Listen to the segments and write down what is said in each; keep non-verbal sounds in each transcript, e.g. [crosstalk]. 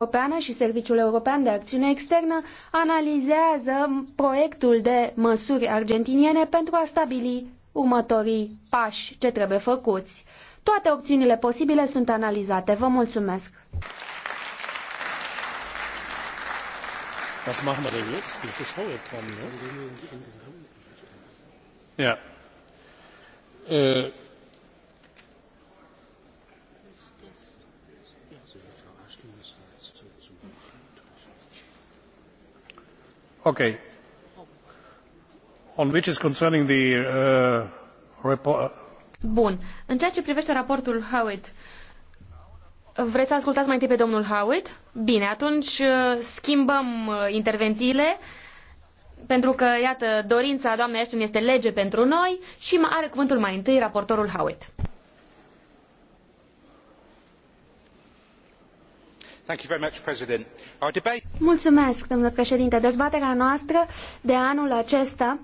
Europeană și Serviciul European de Acțiune Externă analizează proiectul de măsuri argentiniene pentru a stabili următorii pași ce trebuie făcuți. Toate opțiunile posibile sunt analizate. Vă mulțumesc! Was machen wir denn jetzt? Die Show jetzt kommen, ne? Ja. Äh, Uh, Bun. În ceea ce privește raportul Howitt, vreți să ascultați mai întâi pe domnul Howitt? Bine, atunci uh, schimbăm uh, intervențiile pentru că, iată, dorința doamnei Ashton este lege pentru noi și are cuvântul mai întâi raportorul Howitt. Mulțumesc, domnule președinte. Dezbaterea noastră de anul acesta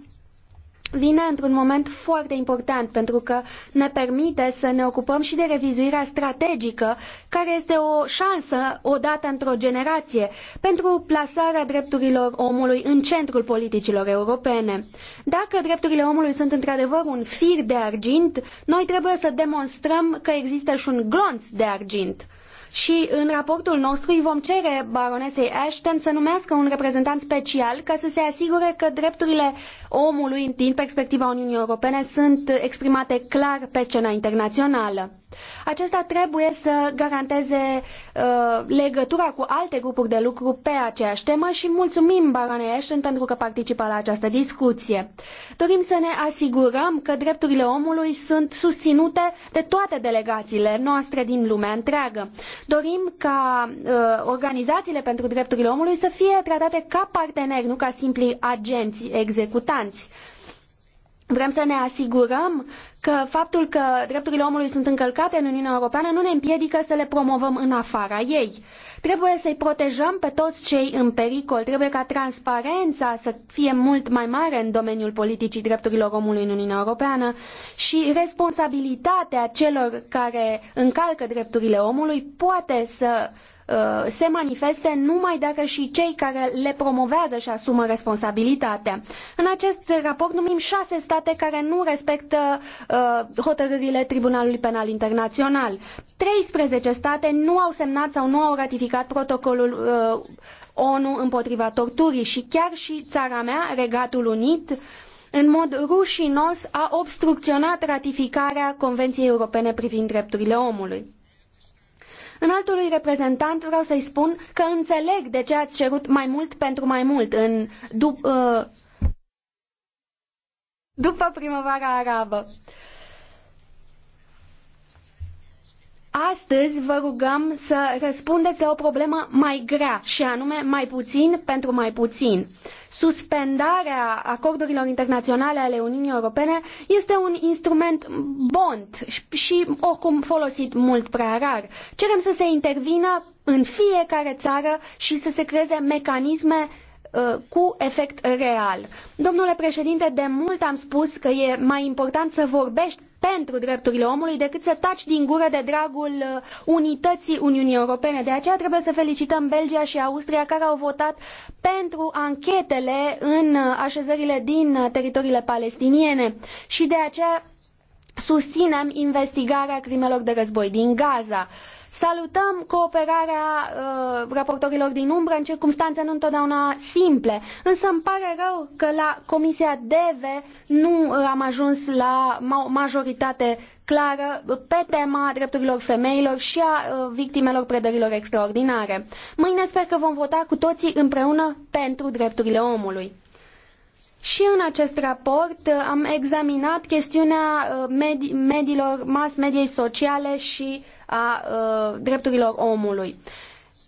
vine într-un moment foarte important pentru că ne permite să ne ocupăm și de revizuirea strategică, care este o șansă odată într-o generație pentru plasarea drepturilor omului în centrul politicilor europene. Dacă drepturile omului sunt într-adevăr un fir de argint, noi trebuie să demonstrăm că există și un glonț de argint și în raportul nostru îi vom cere baronesei Ashton să numească un reprezentant special ca să se asigure că drepturile omului din perspectiva Uniunii Europene sunt exprimate clar pe scena internațională. Acesta trebuie să garanteze uh, legătura cu alte grupuri de lucru pe aceeași temă și mulțumim baronei Ashton pentru că participă la această discuție. Dorim să ne asigurăm că drepturile omului sunt susținute de toate delegațiile noastre din lumea întreagă. Dorim ca uh, organizațiile pentru drepturile omului să fie tratate ca parteneri, nu ca simpli agenți executanți. Vrem să ne asigurăm că faptul că drepturile omului sunt încălcate în Uniunea Europeană nu ne împiedică să le promovăm în afara ei. Trebuie să-i protejăm pe toți cei în pericol, trebuie ca transparența să fie mult mai mare în domeniul politicii drepturilor omului în Uniunea Europeană și responsabilitatea celor care încalcă drepturile omului poate să uh, se manifeste numai dacă și cei care le promovează și asumă responsabilitatea. În acest raport numim șase state care nu respectă uh, Uh, hotărârile Tribunalului Penal Internațional. 13 state nu au semnat sau nu au ratificat protocolul uh, ONU împotriva torturii și chiar și țara mea, Regatul Unit, în mod rușinos a obstrucționat ratificarea Convenției Europene privind drepturile omului. Înaltului reprezentant vreau să-i spun că înțeleg de ce ați cerut mai mult pentru mai mult în, dup, uh, după primăvara arabă. Astăzi vă rugăm să răspundeți la o problemă mai grea și anume mai puțin pentru mai puțin. Suspendarea acordurilor internaționale ale Uniunii Europene este un instrument bond și oricum folosit mult prea rar. Cerem să se intervină în fiecare țară și să se creeze mecanisme uh, cu efect real. Domnule președinte, de mult am spus că e mai important să vorbești pentru drepturile omului decât să taci din gură de dragul uh, unității Uniunii Europene. De aceea trebuie să felicităm Belgia și Austria care au votat pentru anchetele în uh, așezările din uh, teritoriile palestiniene și de aceea susținem investigarea crimelor de război din Gaza. Salutăm cooperarea uh, raportorilor din umbră în circunstanțe nu întotdeauna simple, însă îmi pare rău că la Comisia DEVE nu uh, am ajuns la majoritate clară pe tema drepturilor femeilor și a uh, victimelor predărilor extraordinare. Mâine sper că vom vota cu toții împreună pentru drepturile omului. Și în acest raport uh, am examinat chestiunea medilor, mass mediei sociale și a uh, drepturilor omului.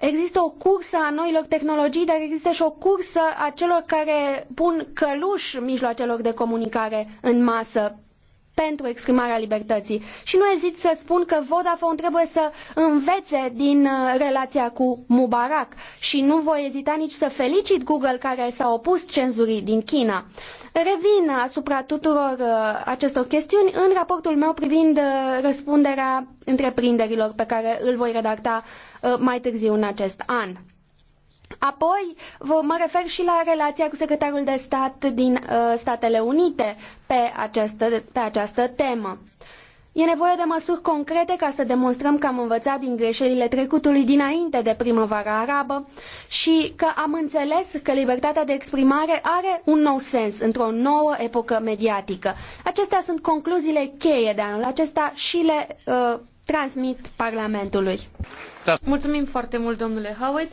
Există o cursă a noilor tehnologii, dar există și o cursă a celor care pun căluș mijloacelor de comunicare în masă pentru exprimarea libertății. Și nu ezit să spun că Vodafone trebuie să învețe din uh, relația cu Mubarak și nu voi ezita nici să felicit Google care s-a opus cenzurii din China. Revin asupra tuturor uh, acestor chestiuni în raportul meu privind uh, răspunderea întreprinderilor pe care îl voi redacta mai târziu în acest an. Apoi mă refer și la relația cu secretarul de stat din uh, Statele Unite pe această, pe această temă. E nevoie de măsuri concrete ca să demonstrăm că am învățat din greșelile trecutului dinainte de primăvara arabă și că am înțeles că libertatea de exprimare are un nou sens într-o nouă epocă mediatică. Acestea sunt concluziile cheie de anul acesta și le uh, transmit Parlamentului. Da. Mulțumim foarte mult, domnule Howitt.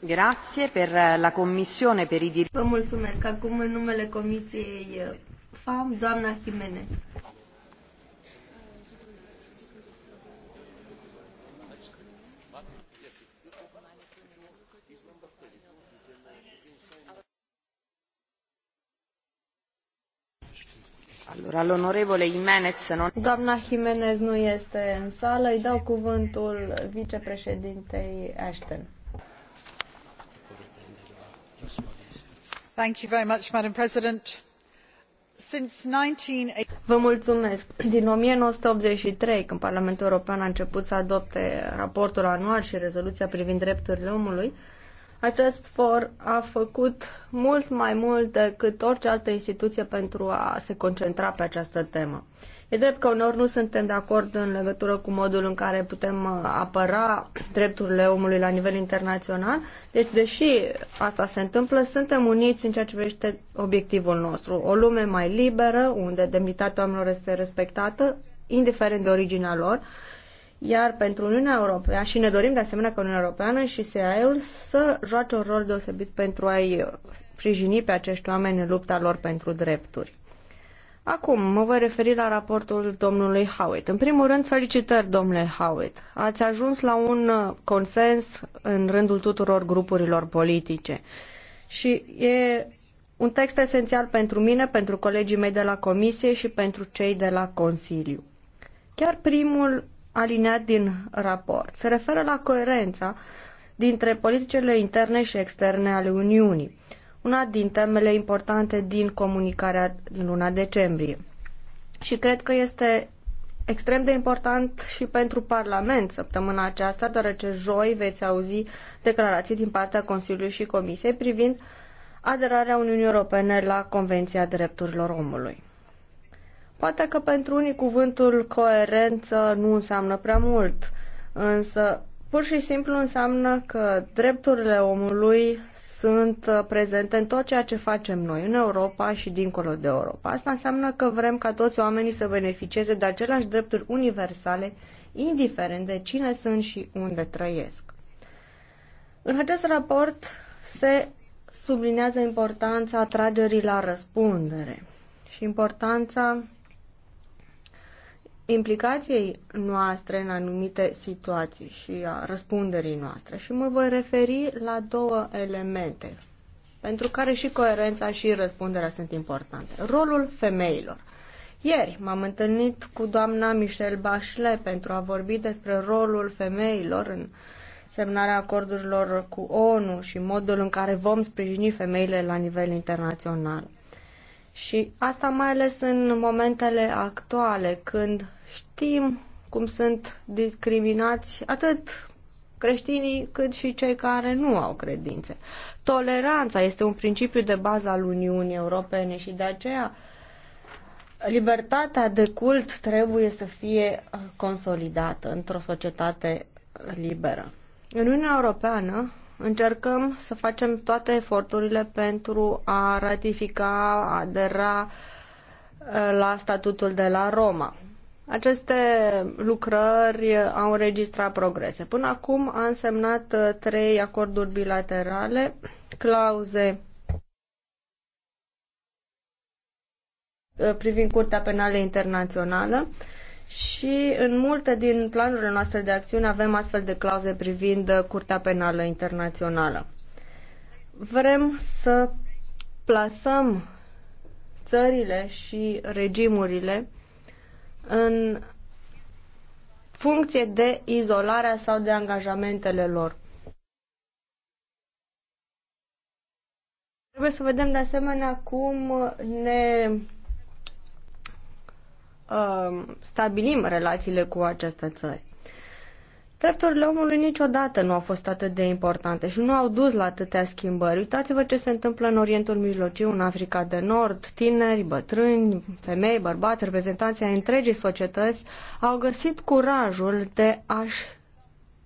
Grazie per la Commissione per i diritti. Vă mulțumesc. Acum în numele Comisiei eh, FAM, doamna Jimenez. Allora, l'onorevole Jimenez non... Doamna Jimenez nu este în sală, îi dau cuvântul vicepreședintei Ashton. din o mie nouă sute optzeci și trei când parlamentul european a început să adopte raportul anual și rezoluția privind drepturile omului acest for a făcut mult mai mult decât orice altă instituție pentru a se concentra pe această temă. E drept că uneori nu suntem de acord în legătură cu modul în care putem uh, apăra drepturile omului la nivel internațional. Deci, deși asta se întâmplă, suntem uniți în ceea ce privește obiectivul nostru. O lume mai liberă, unde demnitatea oamenilor este respectată, indiferent de originea lor, iar pentru Uniunea Europeană, și ne dorim de asemenea că Uniunea Europeană și SEA-ul să joace un rol deosebit pentru a-i sprijini pe acești oameni în lupta lor pentru drepturi. Acum mă voi referi la raportul domnului Howitt. În primul rând, felicitări, domnule Howitt. Ați ajuns la un uh, consens în rândul tuturor grupurilor politice. Și e un text esențial pentru mine, pentru colegii mei de la Comisie și pentru cei de la Consiliu. Chiar primul alineat din raport se referă la coerența dintre politicile interne și externe ale Uniunii una din temele importante din comunicarea din luna decembrie. Și cred că este extrem de important și pentru Parlament săptămâna aceasta, deoarece joi veți auzi declarații din partea Consiliului și Comisiei privind aderarea Uniunii Europene la Convenția Drepturilor Omului. Poate că pentru unii cuvântul coerență nu înseamnă prea mult, însă pur și simplu înseamnă că drepturile omului sunt uh, prezente în tot ceea ce facem noi, în Europa și dincolo de Europa. Asta înseamnă că vrem ca toți oamenii să beneficieze de aceleași drepturi universale, indiferent de cine sunt și unde trăiesc. În acest raport se sublinează importanța atragerii la răspundere și importanța implicației noastre în anumite situații și a răspunderii noastre. Și mă voi referi la două elemente pentru care și coerența și răspunderea sunt importante. Rolul femeilor. Ieri m-am întâlnit cu doamna Michelle Bachelet pentru a vorbi despre rolul femeilor în semnarea acordurilor cu ONU și modul în care vom sprijini femeile la nivel internațional. Și asta mai ales în momentele actuale, când Știm cum sunt discriminați atât creștinii cât și cei care nu au credințe. Toleranța este un principiu de bază al Uniunii Europene și de aceea libertatea de cult trebuie să fie uh, consolidată într-o societate liberă. În Uniunea Europeană încercăm să facem toate eforturile pentru a ratifica, a adera uh, la statutul de la Roma. Aceste lucrări au înregistrat progrese. Până acum a însemnat uh, trei acorduri bilaterale, clauze uh, privind Curtea Penală Internațională și în multe din planurile noastre de acțiune avem astfel de clauze privind uh, Curtea Penală Internațională. Vrem să plasăm țările și regimurile în funcție de izolarea sau de angajamentele lor. Trebuie să vedem de asemenea cum ne uh, stabilim relațiile cu aceste țări. Drepturile omului niciodată nu au fost atât de importante și nu au dus la atâtea schimbări. Uitați-vă ce se întâmplă în Orientul Mijlociu, în Africa de Nord. Tineri, bătrâni, femei, bărbați, reprezentanții ai întregii societăți au găsit curajul de a-și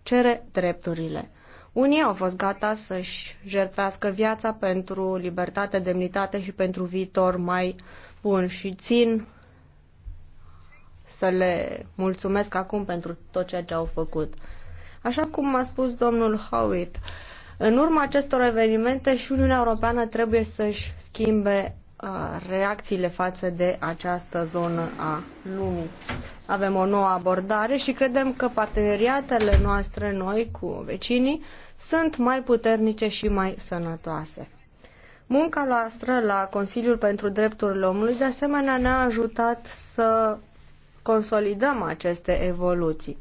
cere drepturile. Unii au fost gata să-și jertfească viața pentru libertate, demnitate și pentru viitor mai bun și țin să le mulțumesc acum pentru tot ceea ce au făcut. Așa cum a spus domnul Howitt, în urma acestor evenimente și Uniunea Europeană trebuie să-și schimbe uh, reacțiile față de această zonă a lumii. Avem o nouă abordare și credem că parteneriatele noastre noi cu vecinii sunt mai puternice și mai sănătoase. Munca noastră la Consiliul pentru Drepturile Omului de asemenea ne-a ajutat să consolidăm aceste evoluții.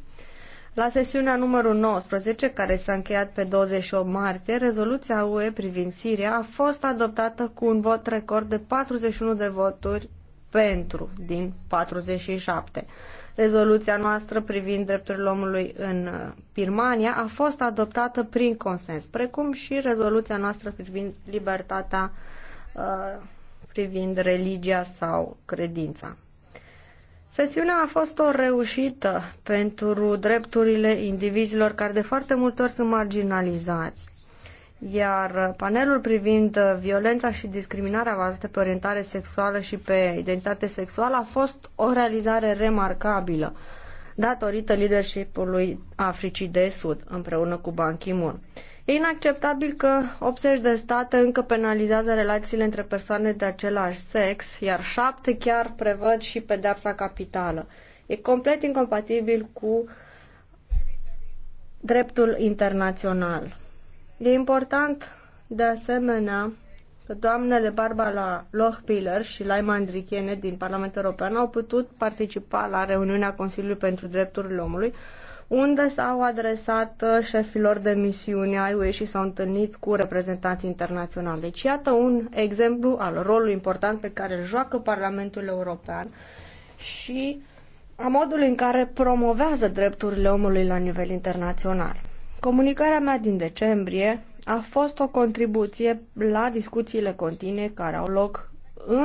La sesiunea numărul 19, care s-a încheiat pe 28 martie, rezoluția UE privind Siria a fost adoptată cu un vot record de 41 de voturi pentru din 47. Rezoluția noastră privind drepturile omului în uh, Birmania a fost adoptată prin consens, precum și rezoluția noastră privind libertatea uh, privind religia sau credința. Sesiunea a fost o reușită pentru drepturile indivizilor care de foarte multe ori sunt marginalizați. Iar panelul privind violența și discriminarea bazată pe orientare sexuală și pe identitate sexuală a fost o realizare remarcabilă datorită leadership-ului Africii de Sud împreună cu Ban Ki-moon. E inacceptabil că 80 de state încă penalizează relațiile între persoane de același sex, iar 7 chiar prevăd și pedepsa capitală. E complet incompatibil cu dreptul internațional. E important, de asemenea, că doamnele Barbara Lochpiller și Laima Andrichiene din Parlamentul European au putut participa la reuniunea Consiliului pentru Drepturile Omului, unde s-au adresat uh, șefilor de misiune ai UE și s-au întâlnit cu reprezentanți internaționali. Deci iată un exemplu al rolului important pe care îl joacă Parlamentul European și a modului în care promovează drepturile omului la nivel internațional. Comunicarea mea din decembrie a fost o contribuție la discuțiile continue care au loc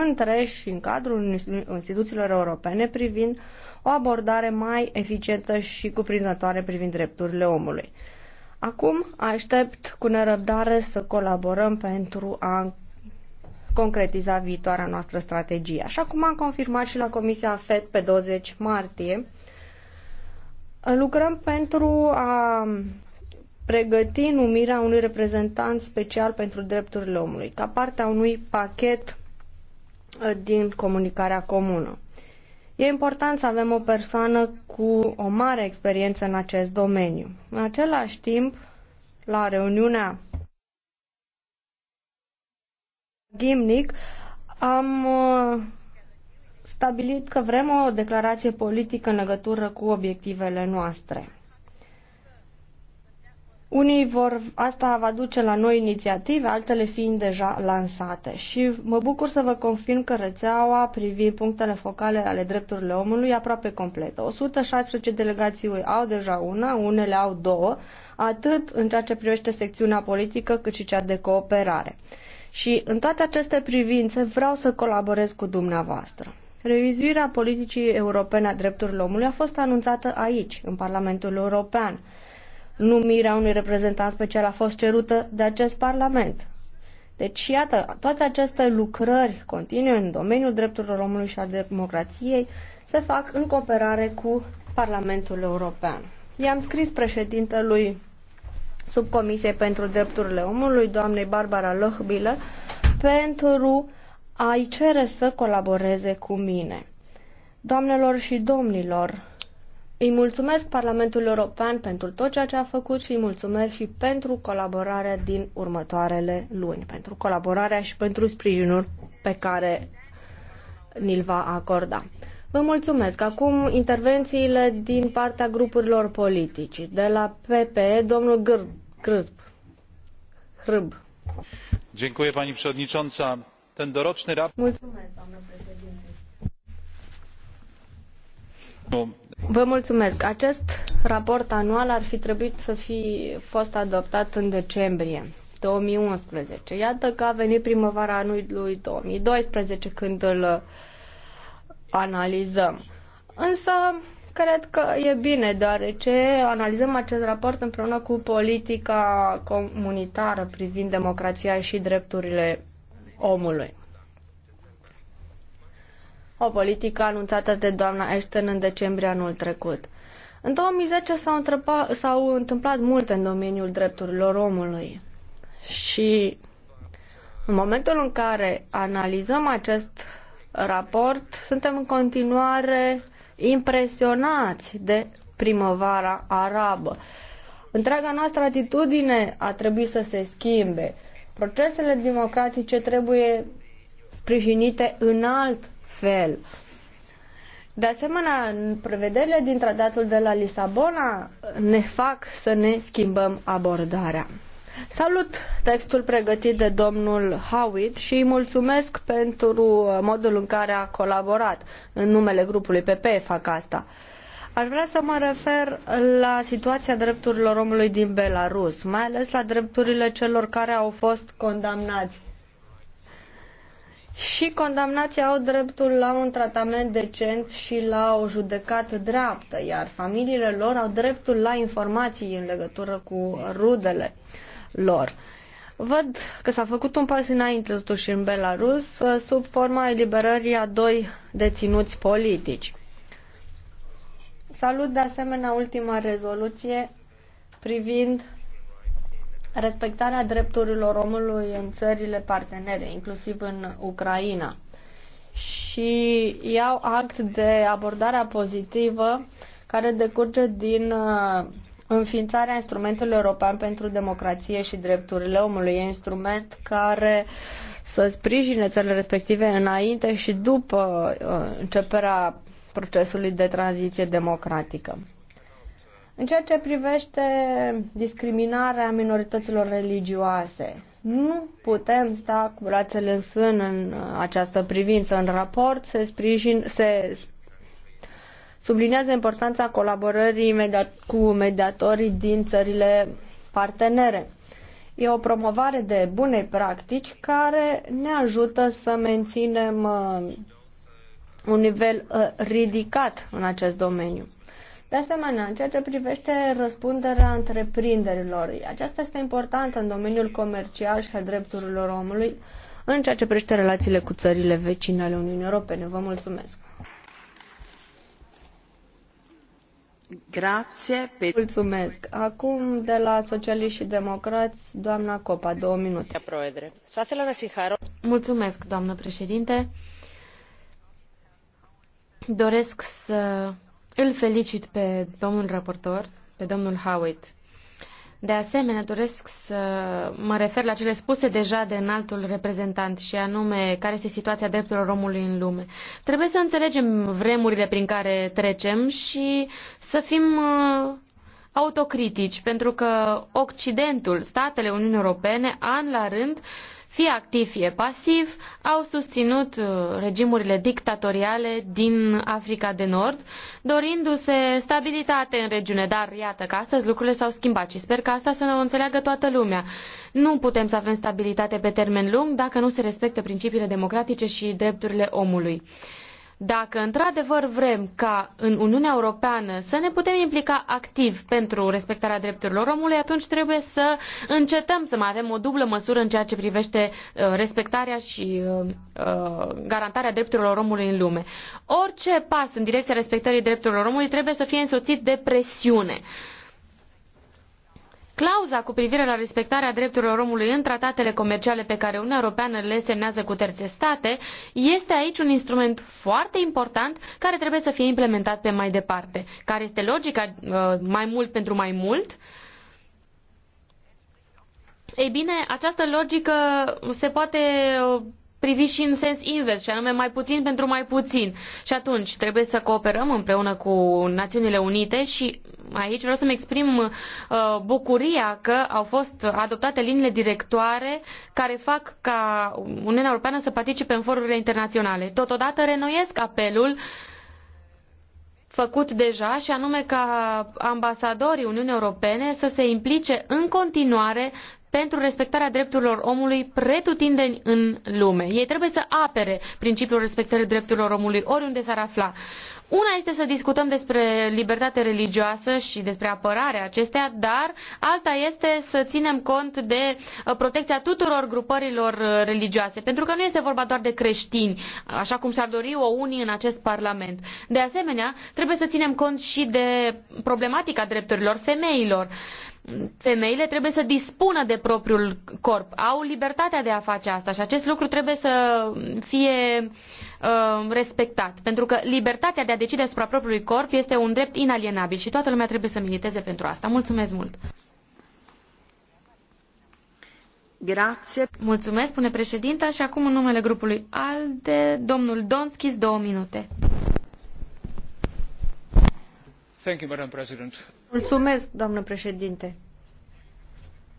între și în cadrul instituțiilor europene privind o abordare mai eficientă și cuprinzătoare privind drepturile omului. Acum aștept cu nerăbdare să colaborăm pentru a concretiza viitoarea noastră strategie. Așa cum am confirmat și la Comisia FED pe 20 martie, lucrăm pentru a pregăti numirea unui reprezentant special pentru drepturile omului, ca parte a unui pachet Eh, din comunicarea comună. E important să avem o persoană cu o mare experiență în acest domeniu. În același timp, la reuniunea Gimnic, am eh, stabilit că vrem o declarație politică în legătură cu obiectivele noastre. Unii vor, asta va duce la noi inițiative, altele fiind deja lansate. Și mă bucur să vă confirm că rețeaua privind punctele focale ale drepturilor omului e aproape completă. 116 delegații UE au deja una, unele au două, atât în ceea ce privește secțiunea politică cât și cea de cooperare. Și în toate aceste privințe vreau să colaborez cu dumneavoastră. Revizuirea politicii europene a drepturilor omului a fost anunțată aici, în Parlamentul European numirea unui reprezentant special a fost cerută de acest Parlament. Deci, iată, toate aceste lucrări continue în domeniul drepturilor omului și a democrației se fac în cooperare cu Parlamentul European. I-am scris președintelui Subcomisiei pentru Drepturile Omului, doamnei Barbara Lohbilă, pentru a-i cere să colaboreze cu mine. Doamnelor și domnilor, îi mulțumesc Parlamentul European pentru tot ceea ce a făcut și îi mulțumesc și pentru colaborarea din următoarele luni, pentru colaborarea și pentru sprijinul pe care ni-l va acorda. Vă mulțumesc. Acum intervențiile din partea grupurilor politici. De la PPE, domnul Gârb. Grzyb. Hrb. Dziękuję pani przewodnicząca. Ten doroczny Mulțumesc, doamnă președinte. Vă mulțumesc. Acest raport anual ar fi trebuit să fi fost adoptat în decembrie 2011. Iată că a venit primăvara anului 2012 când îl uh, analizăm. Însă, cred că e bine, deoarece analizăm acest raport împreună cu politica comunitară privind democrația și drepturile omului o politică anunțată de doamna Ashton în decembrie anul trecut. În 2010 s-au, întâmplat multe în domeniul drepturilor omului și în momentul în care analizăm acest raport, suntem în continuare impresionați de primăvara arabă. Întreaga noastră atitudine a trebuit să se schimbe. Procesele democratice trebuie sprijinite în alt fel. De asemenea, prevederile din tratatul de la Lisabona ne fac să ne schimbăm abordarea. Salut textul pregătit de domnul Howitt și îi mulțumesc pentru uh, modul în care a colaborat. În numele grupului PP fac asta. Aș vrea să mă refer la situația drepturilor omului din Belarus, mai ales la drepturile celor care au fost condamnați și condamnații au dreptul la un tratament decent și la o judecată dreaptă, iar familiile lor au dreptul la informații în legătură cu rudele lor. Văd că s-a făcut un pas înainte totuși în Belarus sub forma eliberării a doi deținuți politici. Salut de asemenea ultima rezoluție privind respectarea drepturilor omului în țările partenere, inclusiv în Ucraina. Și iau act de abordarea pozitivă care decurge din uh, înființarea instrumentului european pentru democrație și drepturile omului. E instrument care să sprijine țările respective înainte și după uh, începerea procesului de tranziție democratică. În ceea ce privește discriminarea minorităților religioase, nu putem sta cu brațele în sân în uh, această privință. În raport se, sprijin, se subliniază importanța colaborării media, cu mediatorii din țările partenere. E o promovare de bune practici care ne ajută să menținem uh, un nivel uh, ridicat în acest domeniu. De asemenea, în ceea ce privește răspunderea întreprinderilor, aceasta este importantă în domeniul comercial și al drepturilor omului, în ceea ce privește relațiile cu țările vecine ale Uniunii Europene. Vă mulțumesc! Grație pe... Mulțumesc. Acum, de la Socialiști și Democrați, doamna Copa, două minute. Mulțumesc, doamnă președinte. Doresc să îl felicit pe domnul raportor, pe domnul Howitt. De asemenea, doresc să mă refer la cele spuse deja de înaltul reprezentant și anume care este situația drepturilor omului în lume. Trebuie să înțelegem vremurile prin care trecem și să fim uh, autocritici, pentru că Occidentul, statele Uniunii Europene, an la rând, uh, fie activ, fie pasiv, au susținut uh, regimurile dictatoriale din Africa de Nord, dorindu-se stabilitate în regiune. Dar iată că astăzi lucrurile s-au schimbat și sper că asta să ne o înțeleagă toată lumea. Nu putem să avem stabilitate pe termen lung dacă nu se respectă principiile democratice și drepturile omului. Dacă într-adevăr vrem ca în Uniunea Europeană să ne putem implica activ pentru respectarea drepturilor omului, atunci trebuie să încetăm să mai avem o dublă măsură în ceea ce privește uh, respectarea și uh, uh, garantarea drepturilor omului în lume. Orice pas în direcția respectării drepturilor omului trebuie să fie însoțit de presiune. Uh, Clauza cu privire la respectarea drepturilor omului în tratatele comerciale pe care Uniunea Europeană le semnează cu terțe state este aici un instrument foarte important care trebuie să fie implementat pe mai departe. Care este logica uh, mai mult pentru mai mult? Ei bine, această logică se poate uh, privi și în sens invers, și anume mai puțin pentru mai puțin. Și atunci trebuie să cooperăm împreună cu Națiunile Unite și aici vreau să-mi exprim uh, bucuria că au fost adoptate liniile directoare care fac ca Uniunea Europeană să participe în forurile internaționale. Totodată renoiesc apelul făcut deja și anume ca ambasadorii Uniunii Europene să se implice în continuare pentru respectarea drepturilor omului pretutindeni în lume. Ei trebuie să apere principiul respectării drepturilor omului oriunde s-ar afla. Una este să discutăm despre libertate religioasă și despre apărarea acesteia, dar alta este să ținem cont de uh, protecția tuturor grupărilor uh, religioase, pentru că nu este vorba doar de creștini, așa cum s-ar dori o unii în acest Parlament. De asemenea, trebuie să ținem cont și de problematica drepturilor femeilor. Uh, femeile trebuie să dispună de propriul corp, au libertatea de a face asta și acest lucru trebuie să fie uh, respectat, pentru că libertatea de a decide asupra propriului corp este un drept inalienabil și toată lumea trebuie să militeze pentru asta. Mulțumesc mult! Grazie. Mulțumesc, spune președinta, și acum în numele grupului ALDE, domnul Donskis, două minute. Thank you, Madam President. Mulțumesc, doamnă președinte.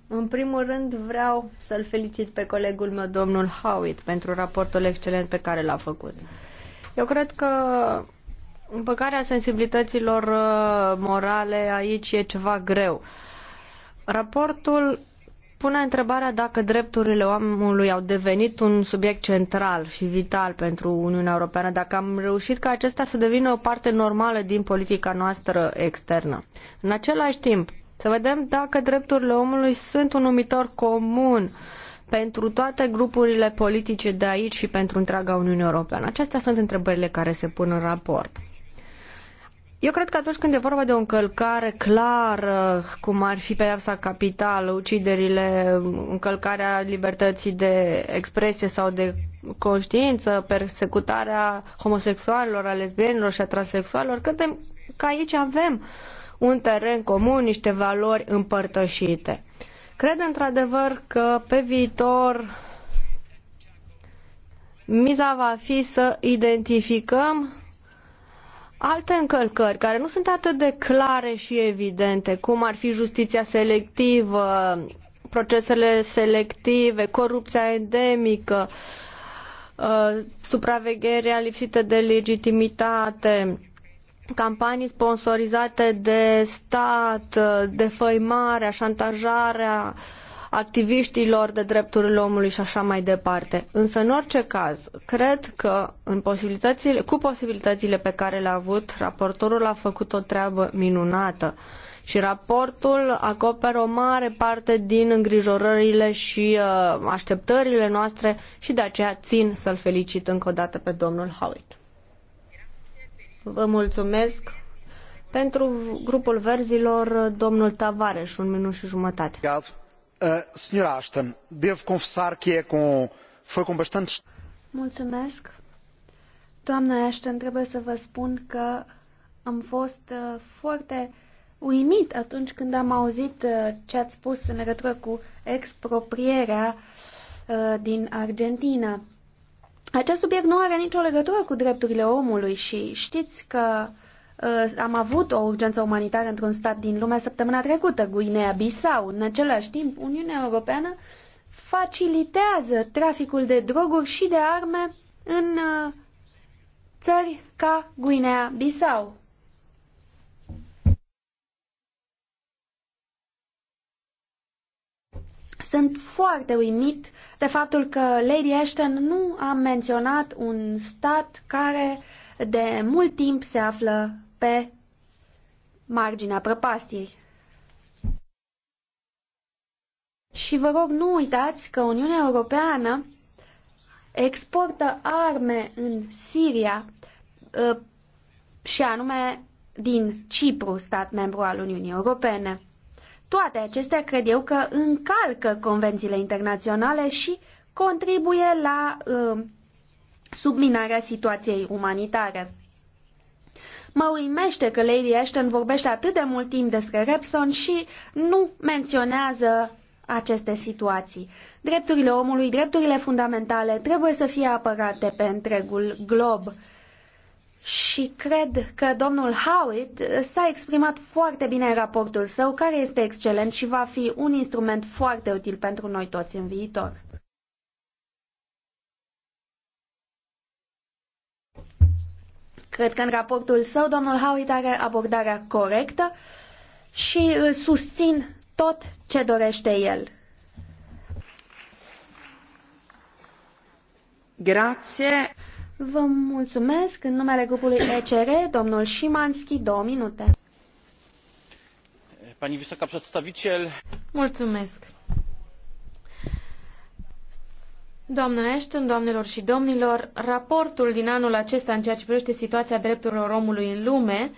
În primul rând vreau să-l felicit pe colegul meu, domnul Howitt, pentru raportul excelent pe care l-a făcut. Eu cred că împăcarea sensibilităților uh, morale aici e ceva greu. Raportul pune întrebarea dacă drepturile omului au devenit un subiect central și vital pentru Uniunea Europeană, dacă am reușit ca acestea să devină o parte normală din politica noastră externă. În același timp, să vedem dacă drepturile omului sunt un numitor comun pentru toate grupurile politice de aici și pentru întreaga Uniune Europeană. Acestea sunt întrebările care se pun în raport. Eu cred că atunci când e vorba de o încălcare clară, cum ar fi pedeapsa capitală, uciderile, încălcarea libertății de expresie sau de conștiință, persecutarea homosexualilor, a lesbienilor și a transexualilor, cred că aici avem un teren comun, niște valori împărtășite. Cred într-adevăr că pe viitor miza va fi să identificăm alte încălcări care nu sunt atât de clare și evidente, cum ar fi justiția selectivă, procesele selective, corupția endemică, uh, supravegherea lipsită de legitimitate, campanii sponsorizate de stat, uh, defăimarea, șantajarea uh, activiștilor de drepturile omului și așa mai departe. Însă, în orice caz, cred că în posibilitățile, cu posibilitățile pe care le-a avut, raportorul a făcut o treabă minunată și raportul acoperă o mare parte din îngrijorările și uh, așteptările noastre și de aceea țin să-l felicit încă o dată pe domnul Howitt. Vă mulțumesc. Pentru grupul verzilor, domnul Tavares, un minut și jumătate. Gaz. Uh, senhora Ashton, devo confessar que é com, foi com bastante... Mulțumesc. Doamna Ashton, trebuie să vă spun că am fost uh, foarte uimit atunci când am auzit uh, ce ați spus în legătură cu exproprierea din Argentina. Acest subiect nu are nicio legătură cu drepturile omului și știți că uh, Uh, am avut o urgență umanitară într-un stat din lume săptămâna trecută, Guinea-Bissau. În același timp, Uniunea Europeană facilitează traficul de droguri și de arme în uh, țări ca Guinea-Bissau. Sunt foarte uimit de faptul că Lady Ashton nu a menționat un stat care de mult timp se află pe marginea prăpastiei. Și vă rog, nu uitați că Uniunea Europeană exportă arme în Siria ă, și anume din Cipru, stat membru al Uniunii Europene. Toate acestea cred eu că încalcă convențiile internaționale și contribuie la ă, subminarea situației umanitare. Mă uimește că Lady Ashton vorbește atât de mult timp despre Repson și nu menționează aceste situații. Drepturile omului, drepturile fundamentale trebuie să fie apărate pe întregul glob. Și cred că domnul Howitt s-a exprimat foarte bine în raportul său, care este excelent și va fi un instrument foarte util pentru noi toți în viitor. Cred că în raportul său domnul Howitt are abordarea corectă și susțin tot ce dorește el. Grație. Vă mulțumesc. În numele grupului ECR, domnul Șimanski, două minute. Pani Visoca Mulțumesc. Doamna Ashton, doamnelor și domnilor, raportul din anul acesta în ceea ce privește situația drepturilor omului în lume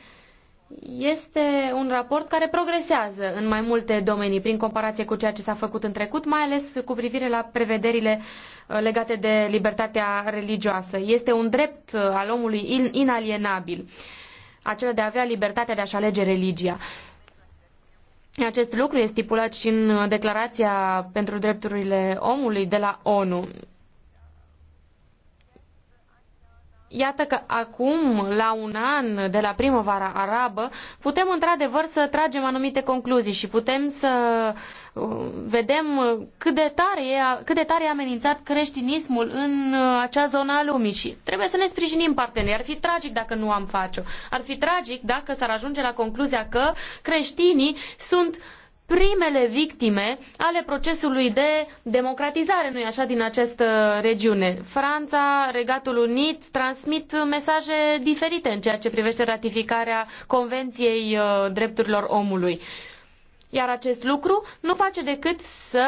este un raport care progresează în mai multe domenii prin comparație cu ceea ce s-a făcut în trecut, mai ales cu privire la prevederile uh, legate de libertatea religioasă. Este un drept uh, al omului inalienabil, acela de a avea libertatea de a-și alege religia. Acest lucru este stipulat și în Declarația pentru Drepturile Omului de la ONU. Iată că acum, la un an de la primăvara arabă, putem într-adevăr să tragem anumite concluzii și putem să vedem cât de tare e, cât de tare e amenințat creștinismul în uh, acea zonă a lumii și trebuie să ne sprijinim partenerii. Ar fi tragic dacă nu am face-o. Ar fi tragic dacă s-ar ajunge la concluzia că creștinii sunt primele victime ale procesului de democratizare, nu-i așa, din această uh, regiune. Franța, Regatul Unit transmit mesaje diferite în ceea ce privește ratificarea Convenției uh, Drepturilor Omului. Iar acest lucru nu face decât să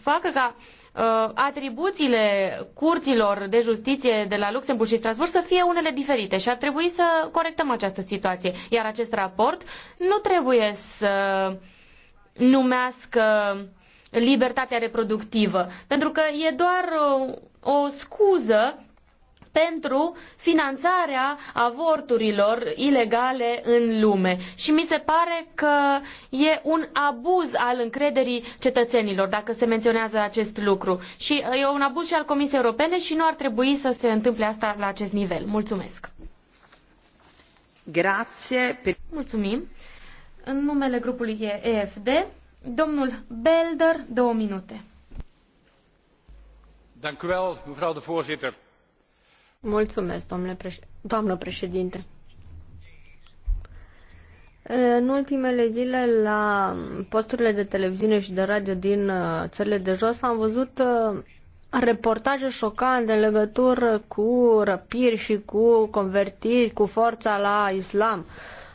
facă ca uh, atribuțiile curților de justiție de la Luxemburg și Strasbourg să fie unele diferite și ar trebui să corectăm această situație. Iar acest raport nu trebuie să numească libertatea reproductivă, pentru că e doar o, o scuză pentru finanțarea avorturilor ilegale în lume. Și mi se pare că e un abuz al încrederii cetățenilor dacă se menționează acest lucru. Și uh, e un abuz și al Comisiei Europene și nu ar trebui să se întâmple asta la acest nivel. Mulțumesc! Mulțumim! În numele grupului EFD, domnul Belder, două minute. Dank u wel, mevrouw de voorzitter Mulțumesc, domnule preș- doamnă președinte. În ultimele zile, la posturile de televiziune și de radio din uh, țările de jos, am văzut uh, reportaje șocante în legătură cu răpiri și cu convertiri cu forța la islam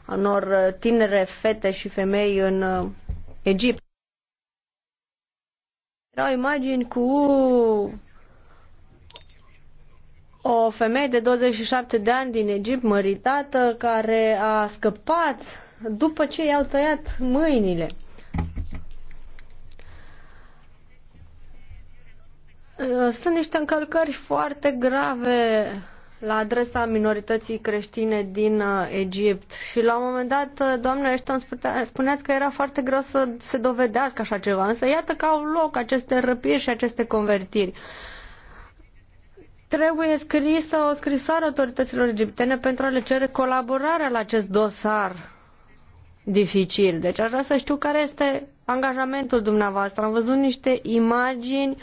a unor uh, tinere fete și femei în Egipt. Erau imagini cu o femeie de 27 de ani din Egipt, măritată, care a scăpat după ce i-au tăiat mâinile. Uh, sunt niște încălcări foarte grave la adresa minorității creștine din uh, Egipt. Și la un moment dat, uh, doamna Ashton, spuneați că era foarte greu să se dovedească așa ceva, însă iată că au loc aceste răpiri și aceste convertiri. Uh, Trebuie scrisă o scrisoare autorităților egiptene pentru a le cere colaborarea la acest dosar dificil. Deci aș vrea să știu care este angajamentul dumneavoastră. Am văzut niște imagini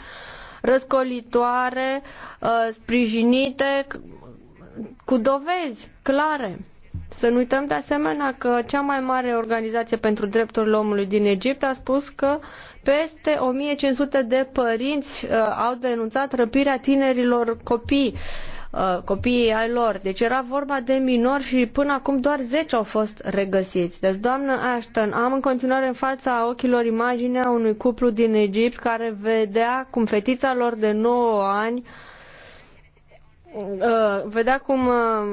răscolitoare, uh, sprijinite, cu dovezi clare. Să nu uităm de asemenea că cea mai mare organizație pentru drepturile omului din Egipt a spus că peste 1500 de părinți uh, au denunțat răpirea tinerilor copii uh, copiii ai lor. Deci era vorba de minori și până acum doar 10 au fost regăsiți. Deci, doamnă Ashton, am în continuare în fața ochilor imaginea unui cuplu din Egipt care vedea cum fetița lor de 9 ani uh, Ă, vedea cum ă,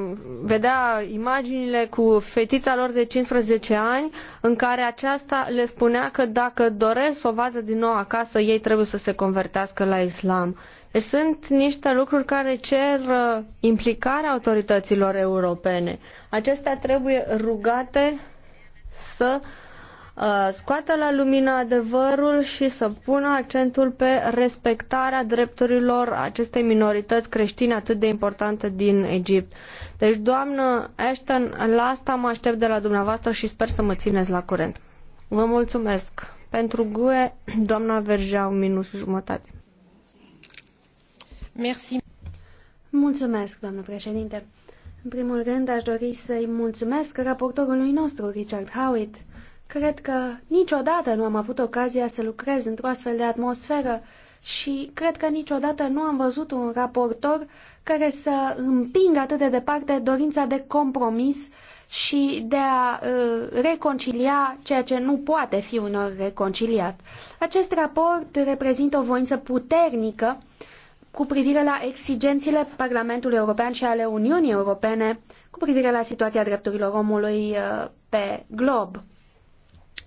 vedea imaginile cu fetița lor de 15 ani în care aceasta le spunea că dacă doresc să o vadă din nou acasă, ei trebuie să se convertească la islam. Deci sunt niște lucruri care cer ă, implicarea autorităților europene. Acestea trebuie rugate să uh, Uh, scoată la lumină adevărul și să pună accentul pe respectarea drepturilor acestei minorități creștine atât de importante din Egipt. Deci, doamnă Ashton, la asta mă aștept de la dumneavoastră și sper să mă țineți la curent. Vă mulțumesc. Pentru GUE, [clears throat] doamna Vergea, un minut și jumătate. Merci. Mulțumesc, doamnă președinte. În primul rând, aș dori să-i mulțumesc raportorului nostru, Richard Howitt, Cred că niciodată nu am avut ocazia să lucrez într-o astfel de atmosferă și cred că niciodată nu am văzut un raportor care să împingă atât de departe dorința de compromis și de a uh, reconcilia ceea ce nu poate fi unor reconciliat. Acest raport reprezintă o voință puternică cu privire la exigențele Parlamentului European și ale Uniunii Europene cu privire la situația drepturilor omului uh, pe glob.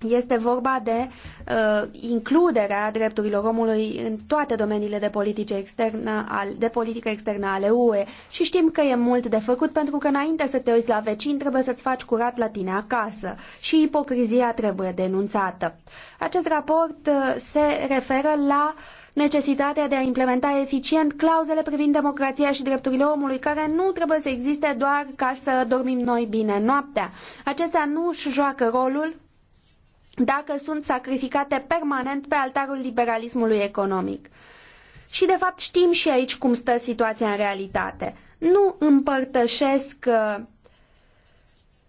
Este vorba de uh, includerea drepturilor omului în toate domeniile de politică externă, al, de politică externă ale UE și știm că e mult de făcut pentru că înainte să te uiți la vecini trebuie să-ți faci curat la tine acasă și ipocrizia trebuie denunțată. Acest raport uh, se referă la necesitatea de a implementa eficient clauzele privind democrația și drepturile omului, care nu trebuie să existe doar ca să dormim noi bine noaptea. Acestea nu își joacă rolul dacă sunt sacrificate permanent pe altarul liberalismului economic. Și de fapt știm și aici cum stă situația în realitate. Nu împărtășesc uh,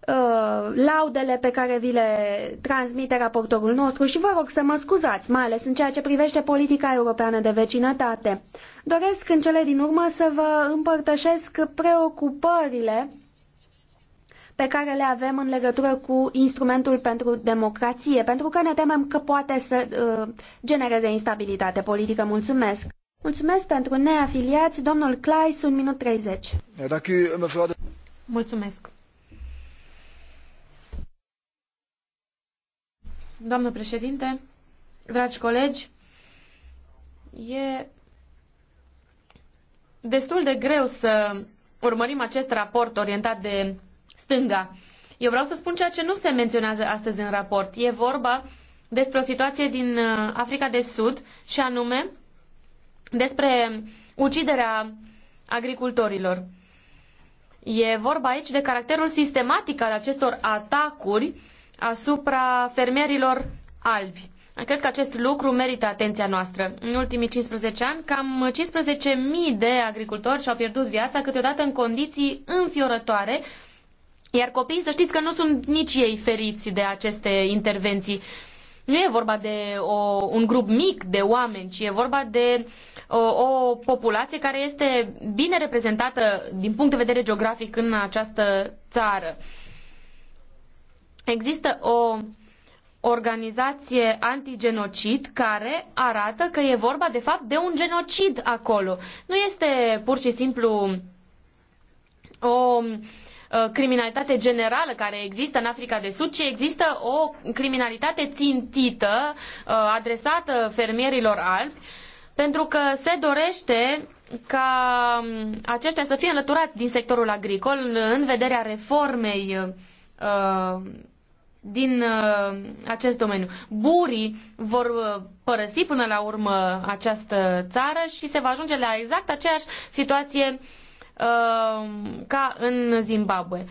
uh, laudele pe care vi le transmite raportorul nostru și vă rog să mă scuzați, mai ales în ceea ce privește politica europeană de vecinătate. Doresc în cele din urmă să vă împărtășesc preocupările pe care le avem în legătură cu instrumentul pentru democrație, pentru că ne temem că poate să uh, genereze instabilitate politică. Mulțumesc! Mulțumesc pentru neafiliați, domnul Clais, un minut 30. Mulțumesc! Doamnă președinte, dragi colegi, e destul de greu să urmărim acest raport orientat de stânga. Eu vreau să spun ceea ce nu se menționează astăzi în raport. E vorba despre o situație din uh, Africa de Sud și anume despre uciderea agricultorilor. E vorba aici de caracterul sistematic al acestor atacuri asupra fermierilor albi. Cred că acest lucru merită atenția noastră. În ultimii 15 ani, cam 15.000 de agricultori și-au pierdut viața câteodată în condiții înfiorătoare iar copiii să știți că nu sunt nici ei feriți de aceste intervenții. Nu e vorba de o, un grup mic de oameni, ci e vorba de o, o populație care este bine reprezentată din punct de vedere geografic în această țară. Există o organizație antigenocid care arată că e vorba de fapt de un genocid acolo. Nu este pur și simplu o uh, Uh, criminalitate generală care există în Africa de Sud, ci există o criminalitate țintită uh, adresată fermierilor albi, pentru că se dorește ca um, aceștia să fie înlăturați din sectorul agricol în vederea reformei uh, din acest domeniu. Burii vor părăsi până la urmă această țară și se va ajunge la exact aceeași situație uh, Um, ca în Zimbabwe.